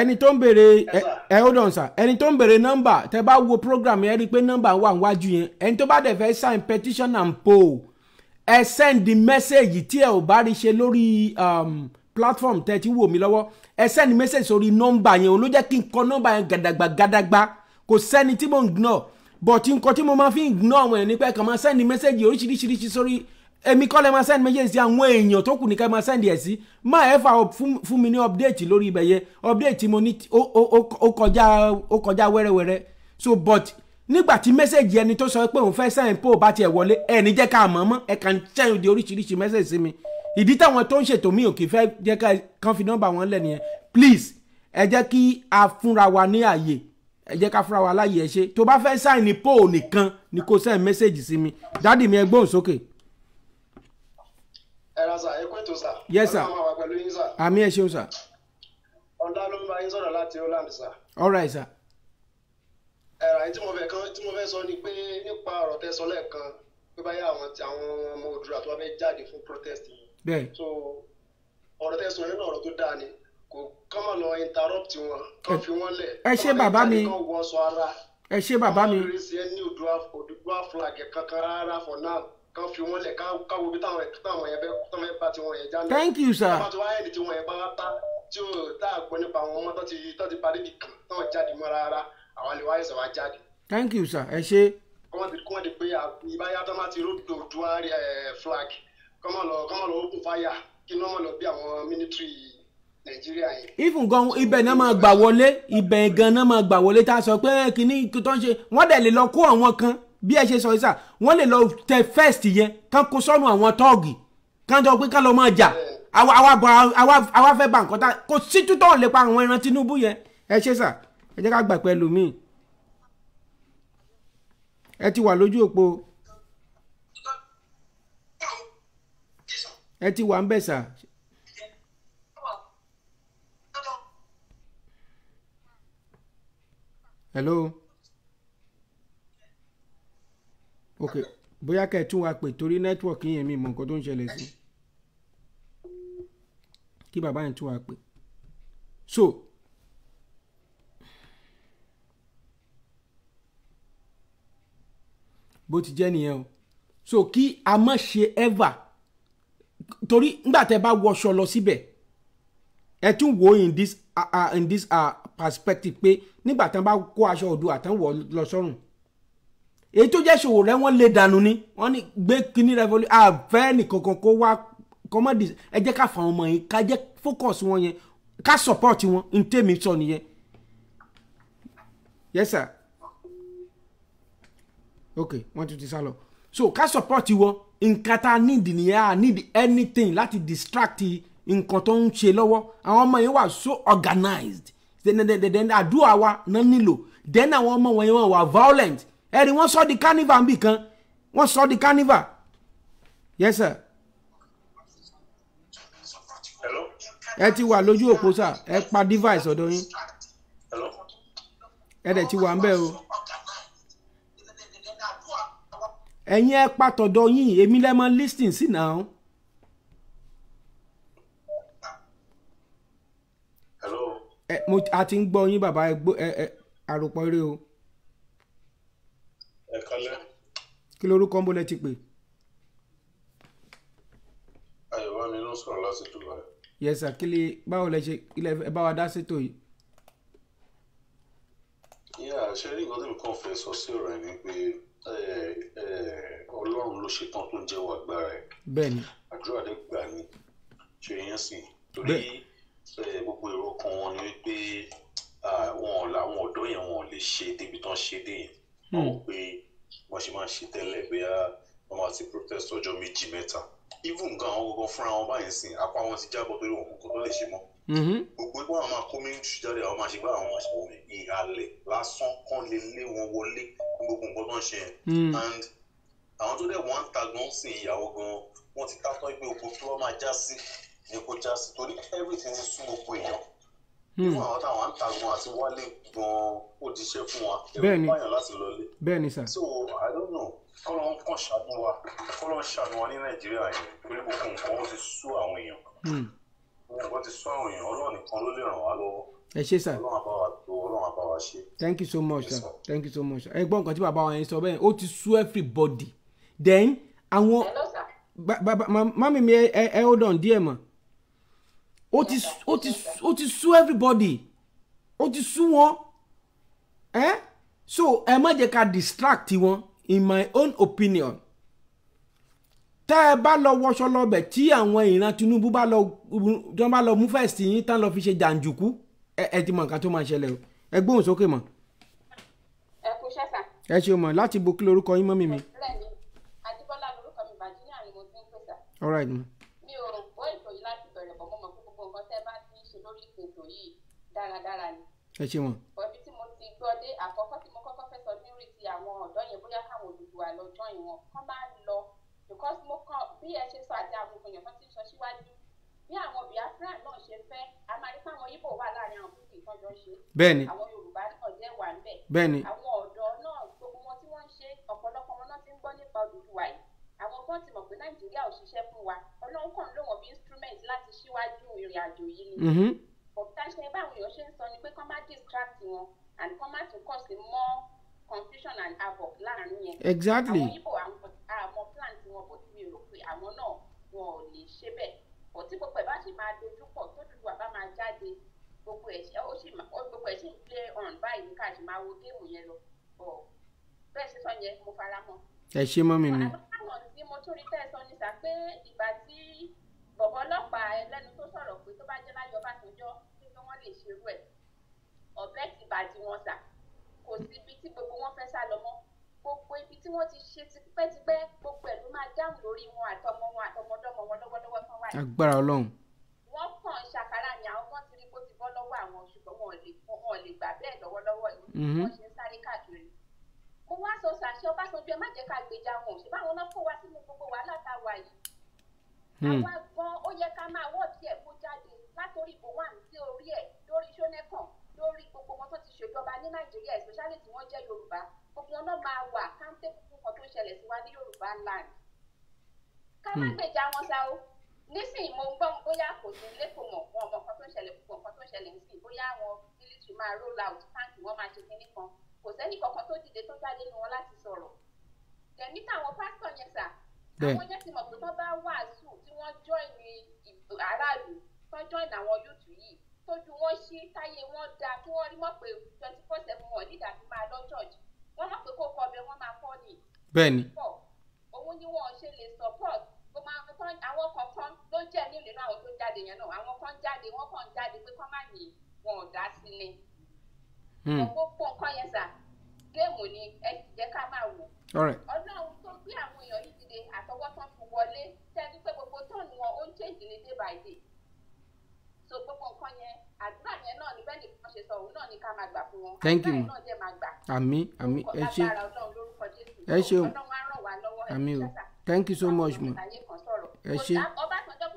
ẹni tó ń béèrè ẹ hold on sir ẹni tó ń béèrè nọ́mbà tẹ bá wo program yẹn rí i pé nọ́mbà wà níwájú yẹn ẹni tó bá dẹ̀ fẹ́ sign petition and poll ẹ send the message tí ẹ ò bá rí ṣe lórí um, platform tẹ ti wò mí lọ́wọ́ ẹ send message sórí nọ́mbà yẹn òun ló jẹ́ kí n kọ nọ́mbà yẹn gàdàgbà gàdàgbà kò sẹ́ni tí mò ń gbọ́ bọ̀tí nǹkan tí mo máa fi ń gbọ́ àwọn ẹ̀ nípa ẹ̀ kàn máa send message oríṣiríṣiríṣi sórí èmi kọ́ lẹ́ máa send message sí àwọn èèyàn tó kù ní ká máa send ẹ̀ sí má ẹ fà fún mi ní update lórí ibẹ̀ yẹn update tí mo ní ó kọjá ó kọjá wẹ́rẹ́wẹ́rẹ́ so but nígbà tí message ẹni tó sọ pé òun fẹ́ send poll bá tiẹ̀ wọlé ẹni jẹ́ ká mọ̀ mọ́ ẹ kàn ń send di oríṣiríṣi message sí mi ìdí táwọn tó ń ṣètò mi ò kì í fẹ́ jẹ́ ká kàn fi nọ́mbà wọn lẹ̀ nìyẹn please ẹ jẹ́ kí a fúnra wa ní àyè ẹ jẹ́ ká fúnra wa láyè ẹ ṣe tó bá fẹ́ sign ní poll nìkan ni kò send message sí mi dáàdì mi ẹ gbóhùn sókè. Okay ẹ̀rọ sà ẹ̀kọ́ ètò sà. yes sir ọlọ́run àwọn pẹ̀lú sà. àmì ẹ̀ ṣeun sà. ọ̀dà ló ń bá yín sọ̀rọ̀ láti holland sà. all right sà. ẹ̀rọ àyè tí mo fẹ́ kan tí mo fẹ́ sọ ni pé nípa ọ̀rọ̀ tẹ́ sọ lẹ́ẹ̀kan pé báyà àwọn ti àwọn ọmọ òdúrà tó wá fẹ́ jáde fún protest bẹ́ẹ̀ so ọ̀rọ̀ tẹ́ sọ yẹn ọ̀rọ̀ tó dáa ni kò kán mọ̀ lọ interrupt wọn kán fi wọn lẹ̀. ẹ ṣé bàbá mi ẹ ṣé bàbá mi. ọmọ ìrẹsì ẹ ní òdúrà flag kankan rárá for now kan fi wọn lẹ káwọ bí táwọn yẹn bẹ tán fẹ́ bá tiwọn yẹn jálẹ̀. thank you sir. bàbá tó wáyé ni yẹn bá ta tí o tá a gbọ́ nípa àwọn ọmọ tó ti tó ti parí nìkan tán jáde mọ́ rárá àwọn àlè wáyé sọ̀rọ̀ jáde. thank you sir ẹ ṣe. kọ́mọ̀ ti kọ́mọ̀ ti pé ìbáyá tó máa ti ròdò duwari flag kọ́mọ̀ lọ kọ́mọ̀ lọ open fire kí ní wọ́n lọ bí àwọn military nàìjíríà yẹn. ifun gan ibẹ̀ náà máa gbà wọlé ibẹ̀ gan náà máa gbà wọlé tá a sọ pé kínní tó ń ṣe wọ́n dẹ̀ lè lọ kó àwọn kan bí ẹ ṣe sọ yìí sà wọ́n lè lọ tẹ first yẹn kán kó sọ́nù àwọn tọ́ọ̀gì kán jọ pé kán lọ máa jà àwa fẹ́ bá nǹkan tá kò sí tútọ̀ lè pa àwọn ẹran Tinubu yẹn ẹ ṣe sà ẹ jẹ́ ká gbà pẹ̀lú mi ẹ ti wà lójú òpó ẹ ti wà ń bẹ̀ sà. hello. ok bóyá kẹ́ ẹ̀ tún wa pè torí nẹ́tíwọ̀kì yẹn mi mọ̀ nǹkan tó ń ṣẹlẹ̀ sí kí bàbá yẹn tún wa pè so bó ti jẹ́ nìyẹn o so kí a má ṣe ever torí nígbà tẹ́ bá wọṣọ lọ síbẹ̀ ẹ tún wò in this uh, uh, in this uh, perspective pé nígbà tán bá kó aṣọ Oòduà tán lọ sọ́run èyí tó jẹ́ ṣòwò rẹ wọ́n lè dànù ni wọ́n ní gbé kíní revolution àfẹ́ nìkankan kó wá kọ́mọ́dì ẹ jẹ́ ká fà wọn mọ̀ yín ká jẹ́ fókọ̀sì wọn yẹn ká support wọn n tèmi sọ nìyẹn. yes sir ok wọ́n tún ti sá lọ so ká support wọn nǹkan tá a need nìyẹn a need anything láti distract nǹkan tó ń ṣe lọ́wọ́ àwọn ọmọ yẹn wà so organized then then then àdúrà wa náà nílò then àwọn ọmọ wọn yẹn wà violent ẹ̀rí wọ́n sọ di carnival nbì kan wọ́n sọ di carnival yes sir. hello. ẹ ti wà lójú òpó sà ẹ pa device ọ̀dọ̀ yín hello. ẹ dẹ̀ ti wà ń bẹ̀ o. ẹ̀yin ẹ pa tọ̀dọ̀ yín èmi lẹ́ mọ́ listing sí náà. hello. ẹ mo àti ń gbọ́ yín bàbá ẹ àròpọ̀ eré o ẹ̀kan náà. kí lorúkọ ń bọ́lẹ̀ ti pè. àyẹ̀wò mi ló ń sọ̀rọ̀ láti Dubai. yes sir kí lè báwo lẹ ṣe ẹ bá wa dá sétò yìí. yíyá ṣe rí nǹkan tó mi kàn fẹ́ sọ sí ọ̀rọ̀ ẹ̀ ni pé ọlọ́run ló ṣetán tó ń jẹ́wọ́ agbára ẹ̀. bẹ́ẹ̀ni. àdúrà lè gbà ní ṣe yẹn sìn torí gbogbo èrò kan wọn ni wípé wọn ọ̀dọ́ yẹn wọn lè ṣe débi tán ṣe dé yẹn. wọn ò hmm. pé wọ́n ṣe máa ń ṣe tẹ́lẹ̀ bóyá wọ́n máa ti protest ọjọ́ méjì mẹ́ta even gan àwọn gbogbo fúnra wọn báyìí sìn apá wọn ti jábọ́ torí wọn kò tó lè ṣe mọ́ mm-hmm. gbogbo ẹgbẹ́ àwọn máa kó mílíọ̀nù jáde àwọn máa ṣe gbá àwọn àṣìwò ìhàlẹ̀ lásán kán lè lé wọn wọlé gbogbo nǹkan tó ń ṣe mm. and àwọn tó dẹ̀ wọ́n ń ta gan sí ìyàwó gan wọ́n ti ká tán pé gbogbo tí wọ́n máa já sí ni kò já sí torí everything ti sún gbogbo èèyàn irú hmm. àwọn táwọn à ń ta gan àti wálé gan ó di iṣẹ́ fún wa ẹ̀rù báyọ̀ láti lọlé. bẹ́ẹ̀ni sà. so i don't know kọ́lọ́ ń kàn ṣàánú wa kọ́lọ́ ń ṣàánú wa ní nàìjíríà yẹn torí gbogbo nǹkan ó ti sú àwọn èèyàn. Hmm. nǹkan ti sú àwọn èèyàn ọlọ́run nìkan ló lè ràn wá lọ́wọ́. ẹ ṣé sà. thank you so much sir thank you so much ẹ gbọ́ nǹkan tí bàbá wa yẹn sọ bẹ́ẹ̀ ó ti sú everybody then àwọn mami mi ẹ hold on díẹ̀ mọ́ ó ti ó ti ó ti sú everybody ó ti sú wọn Eh? so ẹ má jẹ́ ká distract wọn in my own opinion tẹ́ ẹ bá lọ wọṣọ lọ́bẹ̀ tí àwọn ìran Tinubu bá lọ tí wọ́n bá lọ mú fẹ́ẹ̀sì yín tán lọ fi ṣe jàǹdùkú ẹ ẹ ti mọ nǹkan tó máa ṣẹlẹ̀ o ẹ gbóhùn sókè mọ́. ẹ kú iṣẹ́ sà. ẹ ṣe mọ̀ láti bo kí lorúkọ yín mọ́ mi mi. ọ̀rẹ́ mi Adébọ́lá lorúkọ mi bàjẹ́ ní àrùn ìmọ̀ tí ń pèsè. all right ma. dáradára ni. ẹ ṣe wọn. ọbí tí mo ti gbọ́ dé àkọ́kọ́ tí mo kọ́kọ́ fẹ́ sọ ní rí ti àwọn ọ̀dọ́ yẹn bóyá káwọn Odùduwà lọ jọ ìwọ̀n kán máa lọ because mo kàn bí ẹ ṣe sọ àti àwọn èèyàn kan ti sọ síwájú bí àwọn Biafra náà ṣe fẹ́ a máa rí fáwọn Yíbò wà láàrin àwọn bíbí ìtọ́jọ́ ṣe. bẹ́ẹ̀ni àwọn Yorùbá náà jẹ́ wà ń bẹ̀. bẹ́ẹ̀ni àwọn ọ̀dọ́ náà gbogbo wọn tí wọ́n ń ṣe ọ̀pọ̀lọpọ̀ wọn náà ti ń gbọ́ nípa Odùduwà yìí àwọn kan ti mọ̀ pé Nàìjíríà ò ṣiṣẹ́ fún wa Ọlọ́run kàn ló wọ́n bí instrument láti ṣíwájú ìrìn àjò yìí ni. Mm-hmm ọ̀tá ṣe báwọn èèyàn ṣe ń sọ ni pé kán má distract wọn and kán má tún cause more confusion and havoc láàrin yẹn. exactly àwọn ibo àmọ plan tiwọn bó ti mi rò pé àwọn náà wọn ò lè ṣe bẹ́ẹ̀ kò tí gbogbo ẹ̀ bá sì máa dojú pọ̀ tó dùdú àbá máa jáde gbogbo ẹ̀ ó sì gbogbo ẹ̀ sì ń play on báyìí ká sì máa wo géèmù yẹn lọ bẹ́ẹ̀ sísọ yẹn mo fara mọ́. ẹ ṣe mọ́ mi ni. àwọn tí mo tún rí tẹ́ sọ ni sà pé ìgbà tí bọ̀bọ̀ ọlọ́pàá ẹlẹ́nu tó sọ̀rọ̀ pé tó bá jẹ́ láyọ̀ bá tó pé kí wọ́n lè ṣerú ẹ̀ ọ̀bẹ ti bàjẹ́ wọn sà kò sí ibi tí gbogbo wọn fẹ́ sá lọ mọ́ gbogbo ibi tí wọ́n ti ṣe tipẹ́tipẹ́ gbogbo ẹ̀ ló máa dáhùn lórí wọn àtọmọ wọn àtọmọdọ́mọ wọn lọ́wọ́lọ́wọ́ tán wáyé. agbára Ọlọ́run. wọ́n kàn ṣàkárà ni àwọn kan ti rí kó ti bọ́ lọ́wọ́ àwọn ṣùgbọ́n wọn ò lè gbà bẹ́ẹ̀ lọ́wọ́lọ́wọ́ yìí mhm. wọ́n ṣe ń sáré káàkiri mo wá sọ sàṣẹ Ọbásanjọ́ ẹ má jẹ́ ká gbèjà wọn ṣùgbọ́n àwọn náà kó wa sínú gbogbo wàhálà tá a wà yìí. Hmm. àwa yẹ ká máa wọ́ bí ẹ̀ kó jáde látòrí ìbò wà sí orí ẹ̀ lórí sọ́nẹ́kàn lórí gbogbo wọn tó ti ṣèjọba ní nàìjíríà especially tí wọ́n jẹ́ yorùbá gbogbo wọn náà máa wà káńté gbogbo kan tó ń ṣẹlẹ̀ sí wa ní yorùbá land. ká má hmm. gbèjà wọn ṣá o nísìnyí mo ń gbọ́ bóyá kò sí lẹ́kọ̀ọ́ mọ̀ fún ọmọ kan tó ń ṣẹlẹ̀ gbogbo nǹkan tó ń ṣẹlẹ̀ nísìnyí bóyá wọn military máa roll out táǹkì wọn máa ṣe kinní kan kò sẹ́nì kankan tó dìde tó jáde ní wọn láti sọ̀rọ̀. tẹ̀mí táwọn pásítọ̀ yẹn sà àwọn yẹn ti mọ̀ pé tó bá wàásù tí wọ́n join aráàlú tó join àwọn yóòtù yìí tójú wọn ṣí táyé wọn dáa kí wọ́n rí mọ̀ pé twenty four seven wọn nígbà tí máa lọ church wọ́n mọ̀ pé kó kọ ọbẹ̀ wọn máa kọ́ ni. bẹ́ẹ̀ni. òun ni wọn ṣe lè support àwọn kankan ló jẹ́ nílùú náà àwọn tó jáde yẹn náà àwọn kan jáde wọ́n kàn jáde pé kọ́ má ní wọn ò dá sí ni. Hmm. gbogbo nǹkan yẹn sà géèmù ni ẹ sì jẹ́ ká máa wò. ọlọ́run tó gbé àwọn èèyàn yìí dìde àtọwọ́ tán fi wọlé sẹ́ni pé gbogbo tọ́ọ̀nù wọn ó ń change ní day by day. so gbogbo nǹkan yẹn àdúrà yẹn náà ni bẹ́ẹ̀ ni wọ́n ṣe sọ òun náà ni ká máa gbà fún wọn. thank you àmì àmì ẹ ṣe ẹ ṣe àmì o thank you so much ma ẹ ṣe. ọbásanjọ́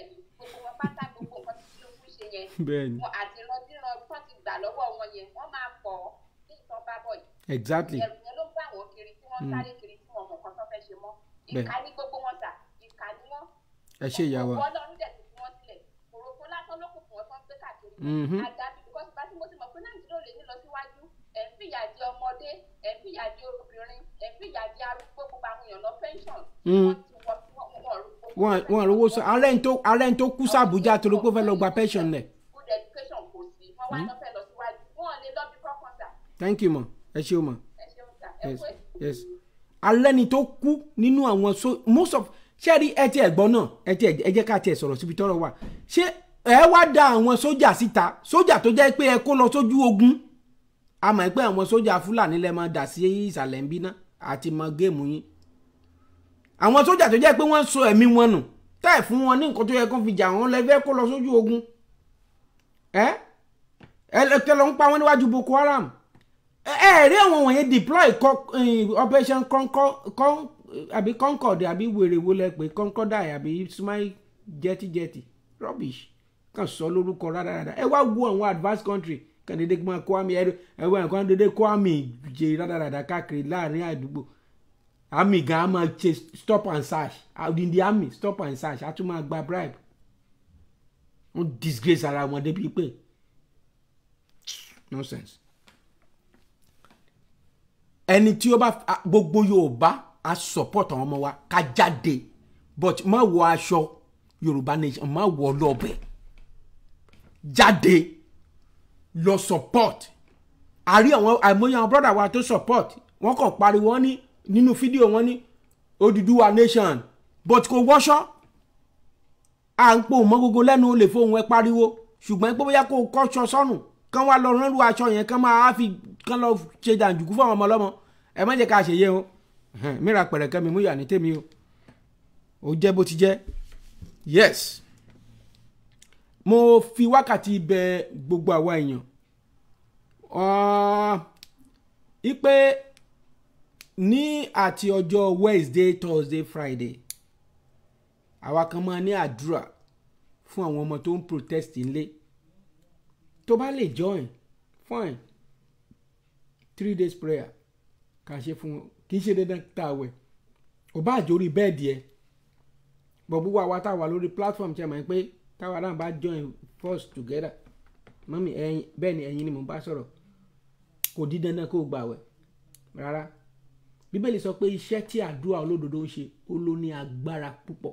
pẹ̀lú gbogbo wọn pátá gbogbo tó ti gbà lọ́wọ́ wọn yẹn wọ́n máa pọ̀ ní ìtàn bá bọ̀ yìí. exactly ẹrù yẹn ló bá wọn kiri tí wọ́n hmm. sáré kiri tí wọn mọ̀ tó fẹ́ ṣe mọ́ ìka ní gbogbo wọn tà ìka ní wọn. ẹ ṣe ìyàwó ọ̀pọ̀ ọlọ́run dẹ̀ ti fi wọ́n sílẹ̀ òròkó lásán ló kù fún wọn ń gbé káàkiri àdàbí bíkọ́sì bá tí mo ti mọ̀ pé nàìjíríà ò lè ní lọ síwájú ẹ̀ ń fìyà jẹ ọmọdé ẹ̀ ń fìyà jẹ obìnrin ẹ̀ ń fìyà jẹ arúgbó gbogbo wọn rówó sọ alẹ́ ní tó alẹ́ ní tó kú sàbújá torí pé ó fẹ́ lọ gba pension lẹ̀. thank you ma ẹ ṣeun ma yes yes alẹ́ ní tó kú nínú àwọn so most of ṣé rí ẹ ti ẹ̀gbọ́n náà ẹ ti ẹ jẹ́ ká tiẹ̀ sọ̀rọ̀ síbi tọ́rọ̀ wà ṣé ẹ wá da àwọn sójà síta sójà tó jẹ́ pé ẹ kó lọ sójú ogun a mọ̀ pé àwọn sójà fúlàní lẹ́ máa dà sí ìsàlẹ̀ ń bínà àti mọ géèmù yín àwọn sójà tó jẹ́ pé wọ́n sọ ẹ̀mí wọn nù táì fún wọn ní nǹkan tó yẹ kó fi jà wọ́n lẹ́fẹ́ kó lọ sójú ogun ẹ ẹ tẹ lọ ń pa wọn níwájú Boko Haram ẹ ẹ rí àwọn wọ̀nyẹn deploy eh, operation àbí Concord àbí wèrè lẹ pé Concord àbí Ismail jẹ́tìjẹ́tì rubbish kan sọ lórúkọ rárára ẹ wá wo àwọn advanced country kàn dédé kó àmì ẹrú ẹwà nǹkan dédé kó àmì jèrè rárára káàkiri láàrin àdúgbò army gan a máa stop and search the army stop and search a tún máa gba bribe wọ́n disgrace ara wọn débi pé nonsense. ẹni tí ó bá gbogbo Yorùbá a support àwọn ọmọ wa ká jáde but má wọ aṣọ Yorùbá nation má wọ lọ́bẹ̀ jáde lọ support àrí àwọn àìmọye àwọn brọ́dà wa tó support wọ́n kàn pariwo ní nínú fídíò wọn ní Odùduwà nation but kò wọ́ṣọ́ à ń pò mọ́ gógó lẹ́nu olè fóun ẹ pariwo ṣùgbọ́n pé bóyá kó o kọ́ṣọ sọ́nù kán wá lọ rán lu aṣọ yẹn kán máa fi kán lọ ṣe jàǹdùkú fún àwọn ọmọ ọlọ́mọ ẹ má jẹ́ ká ṣe yẹ o mìíràn pẹ̀rẹ̀kẹ́ mi mú yà ní tèmi o ó jẹ́ bó ti jẹ́ yes mo fi wákàtí bẹ gbogbo àwa èèyàn ipe ní àti ọjọ́ wednesday thursday friday àwa kan máa ní àdúrà fún àwọn ọmọ tó ń protest nílé tó bá lè join fine three days prayer kà ṣe fún wọn kì í ṣe dandan tá a wẹ̀ ò bá àjò orí bẹ́ẹ̀dì ẹ bọ̀ gbogbo àwa táwa lórí platform ṣe mọ̀ pé táwa náà bá join force together mọ́mí ẹ̀yin bẹ́ẹ̀ ni ẹ̀yin ni mo bá sọ̀rọ̀ kò di dandan kó gbà wẹ̀ rárá bíbélì sọ pé iṣẹ́ tí àdúrà olódodo ń ṣe ó ló ní agbára púpọ̀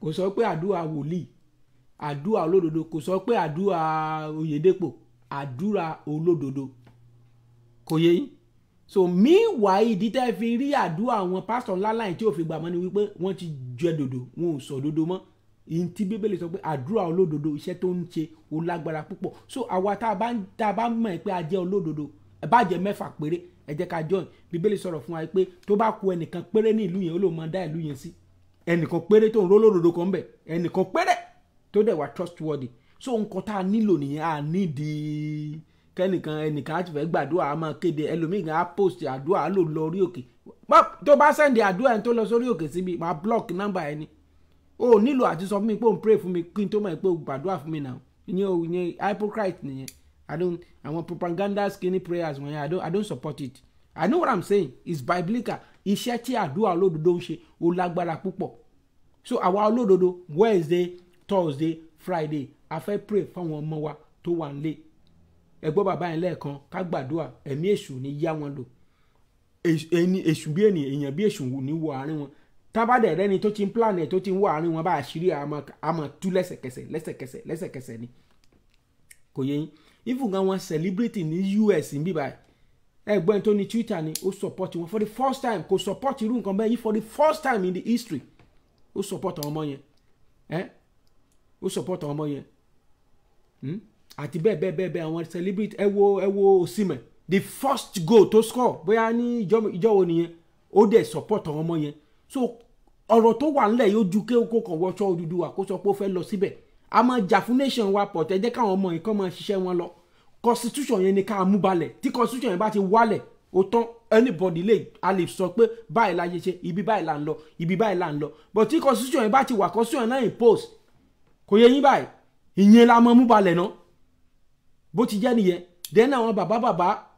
kò sọ pé àdúrà wòlíì àdúrà olódodo kò sọ pé àdúrà oyèdèpò àdúrà olódodo kò yé yín so meanwhile ìdí tẹ́ fi rí àdúrà àwọn pásítọ̀ ńláńlá yìí tí ò fi gbà mọ́ ni wípé wọ́n ti jẹ dòdò wọn ò sọ dòdò mọ́ ìyìn tí bíbélì sọ pé àdúrà olódodo iṣẹ́ tó ń ṣe ó lágbára púpọ̀ so àwa tá a bá mọ̀ ẹ́ pé a jẹ́ olódodo ẹ̀ bá jẹ́ mẹ́fà péré ẹ jẹ́ ká join bíbélì sọ̀rọ̀ fún wa pé tó bá ku ẹnìkan péré ní ìlú yẹn ó lò mọ dá ìlú yẹn sí ẹnìkan péré tó ń ró lòdòdó kan bẹ̀ ẹnìkan péré tó dẹ̀ wà trustworthy so nǹkan tá a nílò nìyẹn a nídìí kẹ́nìkan ẹnìkan á ti fẹ́ gbàdúrà á máa kéde ẹlòmíì kan á post àdúrà á lò lọ orí òkè tó bá sẹ́ndì àdúrà ẹni tó lọ sórí òkè síbi máa block nọ́mbà ẹni o nílò àti sọ fún mi pé òun pray fún mi kí n tó mọ̀ pé o gbàdúrà fún mi náà ìyẹn ìyẹn hypocrite nìyẹn i don't àwọn propaganda skinny prayers wọ̀nyẹn i don't i don't support it i know what i'm saying it's biblical iṣẹ́ tí àdúrà olódodo ń ṣe ó lágbára púpọ̀ so àwa olódodo wednesday thursday friday a fẹ́ pray fáwọn ọmọ wa tó wà nílé ẹgbọ́n bàbá yẹn lẹ́ẹ̀kan ká gbàdúrà ẹ̀mí èṣù ní yá wọn lò èṣù bí ènìyàn èèyàn bí èṣù ni wọ àárín wọn tábàdẹ̀ rẹ́ni tó ti ń plan ẹ̀ tó ti ń wọ àárín wọn bá àṣírí àmọ́ tú lẹ́sẹ̀kẹsẹ̀ lẹ́sẹ̀kẹsẹ̀ lẹ́sẹ̀kẹsẹ̀ ni kò yẹ yín even gan wọn celebrity ní US ń bí báyìí ẹgbẹ́ tó ní Twitter ni ó support wọn for the first time kò support irú nǹkan bẹ́ẹ̀ yìí for the first time in the history ó support àwọn ọmọ yẹn ẹ́ ó support àwọn ọmọ yẹn hmm? àti bẹ́ẹ̀ bẹ́ẹ̀ bẹ́ẹ̀ bẹ́ẹ̀ àwọn celebrate. ẹ wo ẹ wo Osimhen the first goal tó score bóyá ní ìjọ wo nìyẹn ó dẹ̀ support àwọn ọmọ yẹn so ọ̀rọ̀ tó wà ńlẹ̀ yóò ju kéwòkó kan wọ́ṣọ́ Odùduwà kó sọ pé ó fẹ́ lọ síbẹ̀ a máa jà fún nation wa pọ̀ tẹ́ jẹ́ káwọn ọmọ yìí kọ́ máa ṣiṣẹ́ wọn lọ constitution yẹn ni ká mú balẹ̀ tí constitution yẹn bá ti wálẹ̀ ó tán anybody lè a lè sọ pé báyìí la ṣe ṣe ibi báyìí la ń lọ ibi báyìí la ń lọ but tí constitution yẹn bá ti wà constitution náà impose kò yẹ yín báyìí ìyẹn la mọ mú balẹ̀ náà bó ti jẹ́ nìyẹn then àwọn bàbá bàbá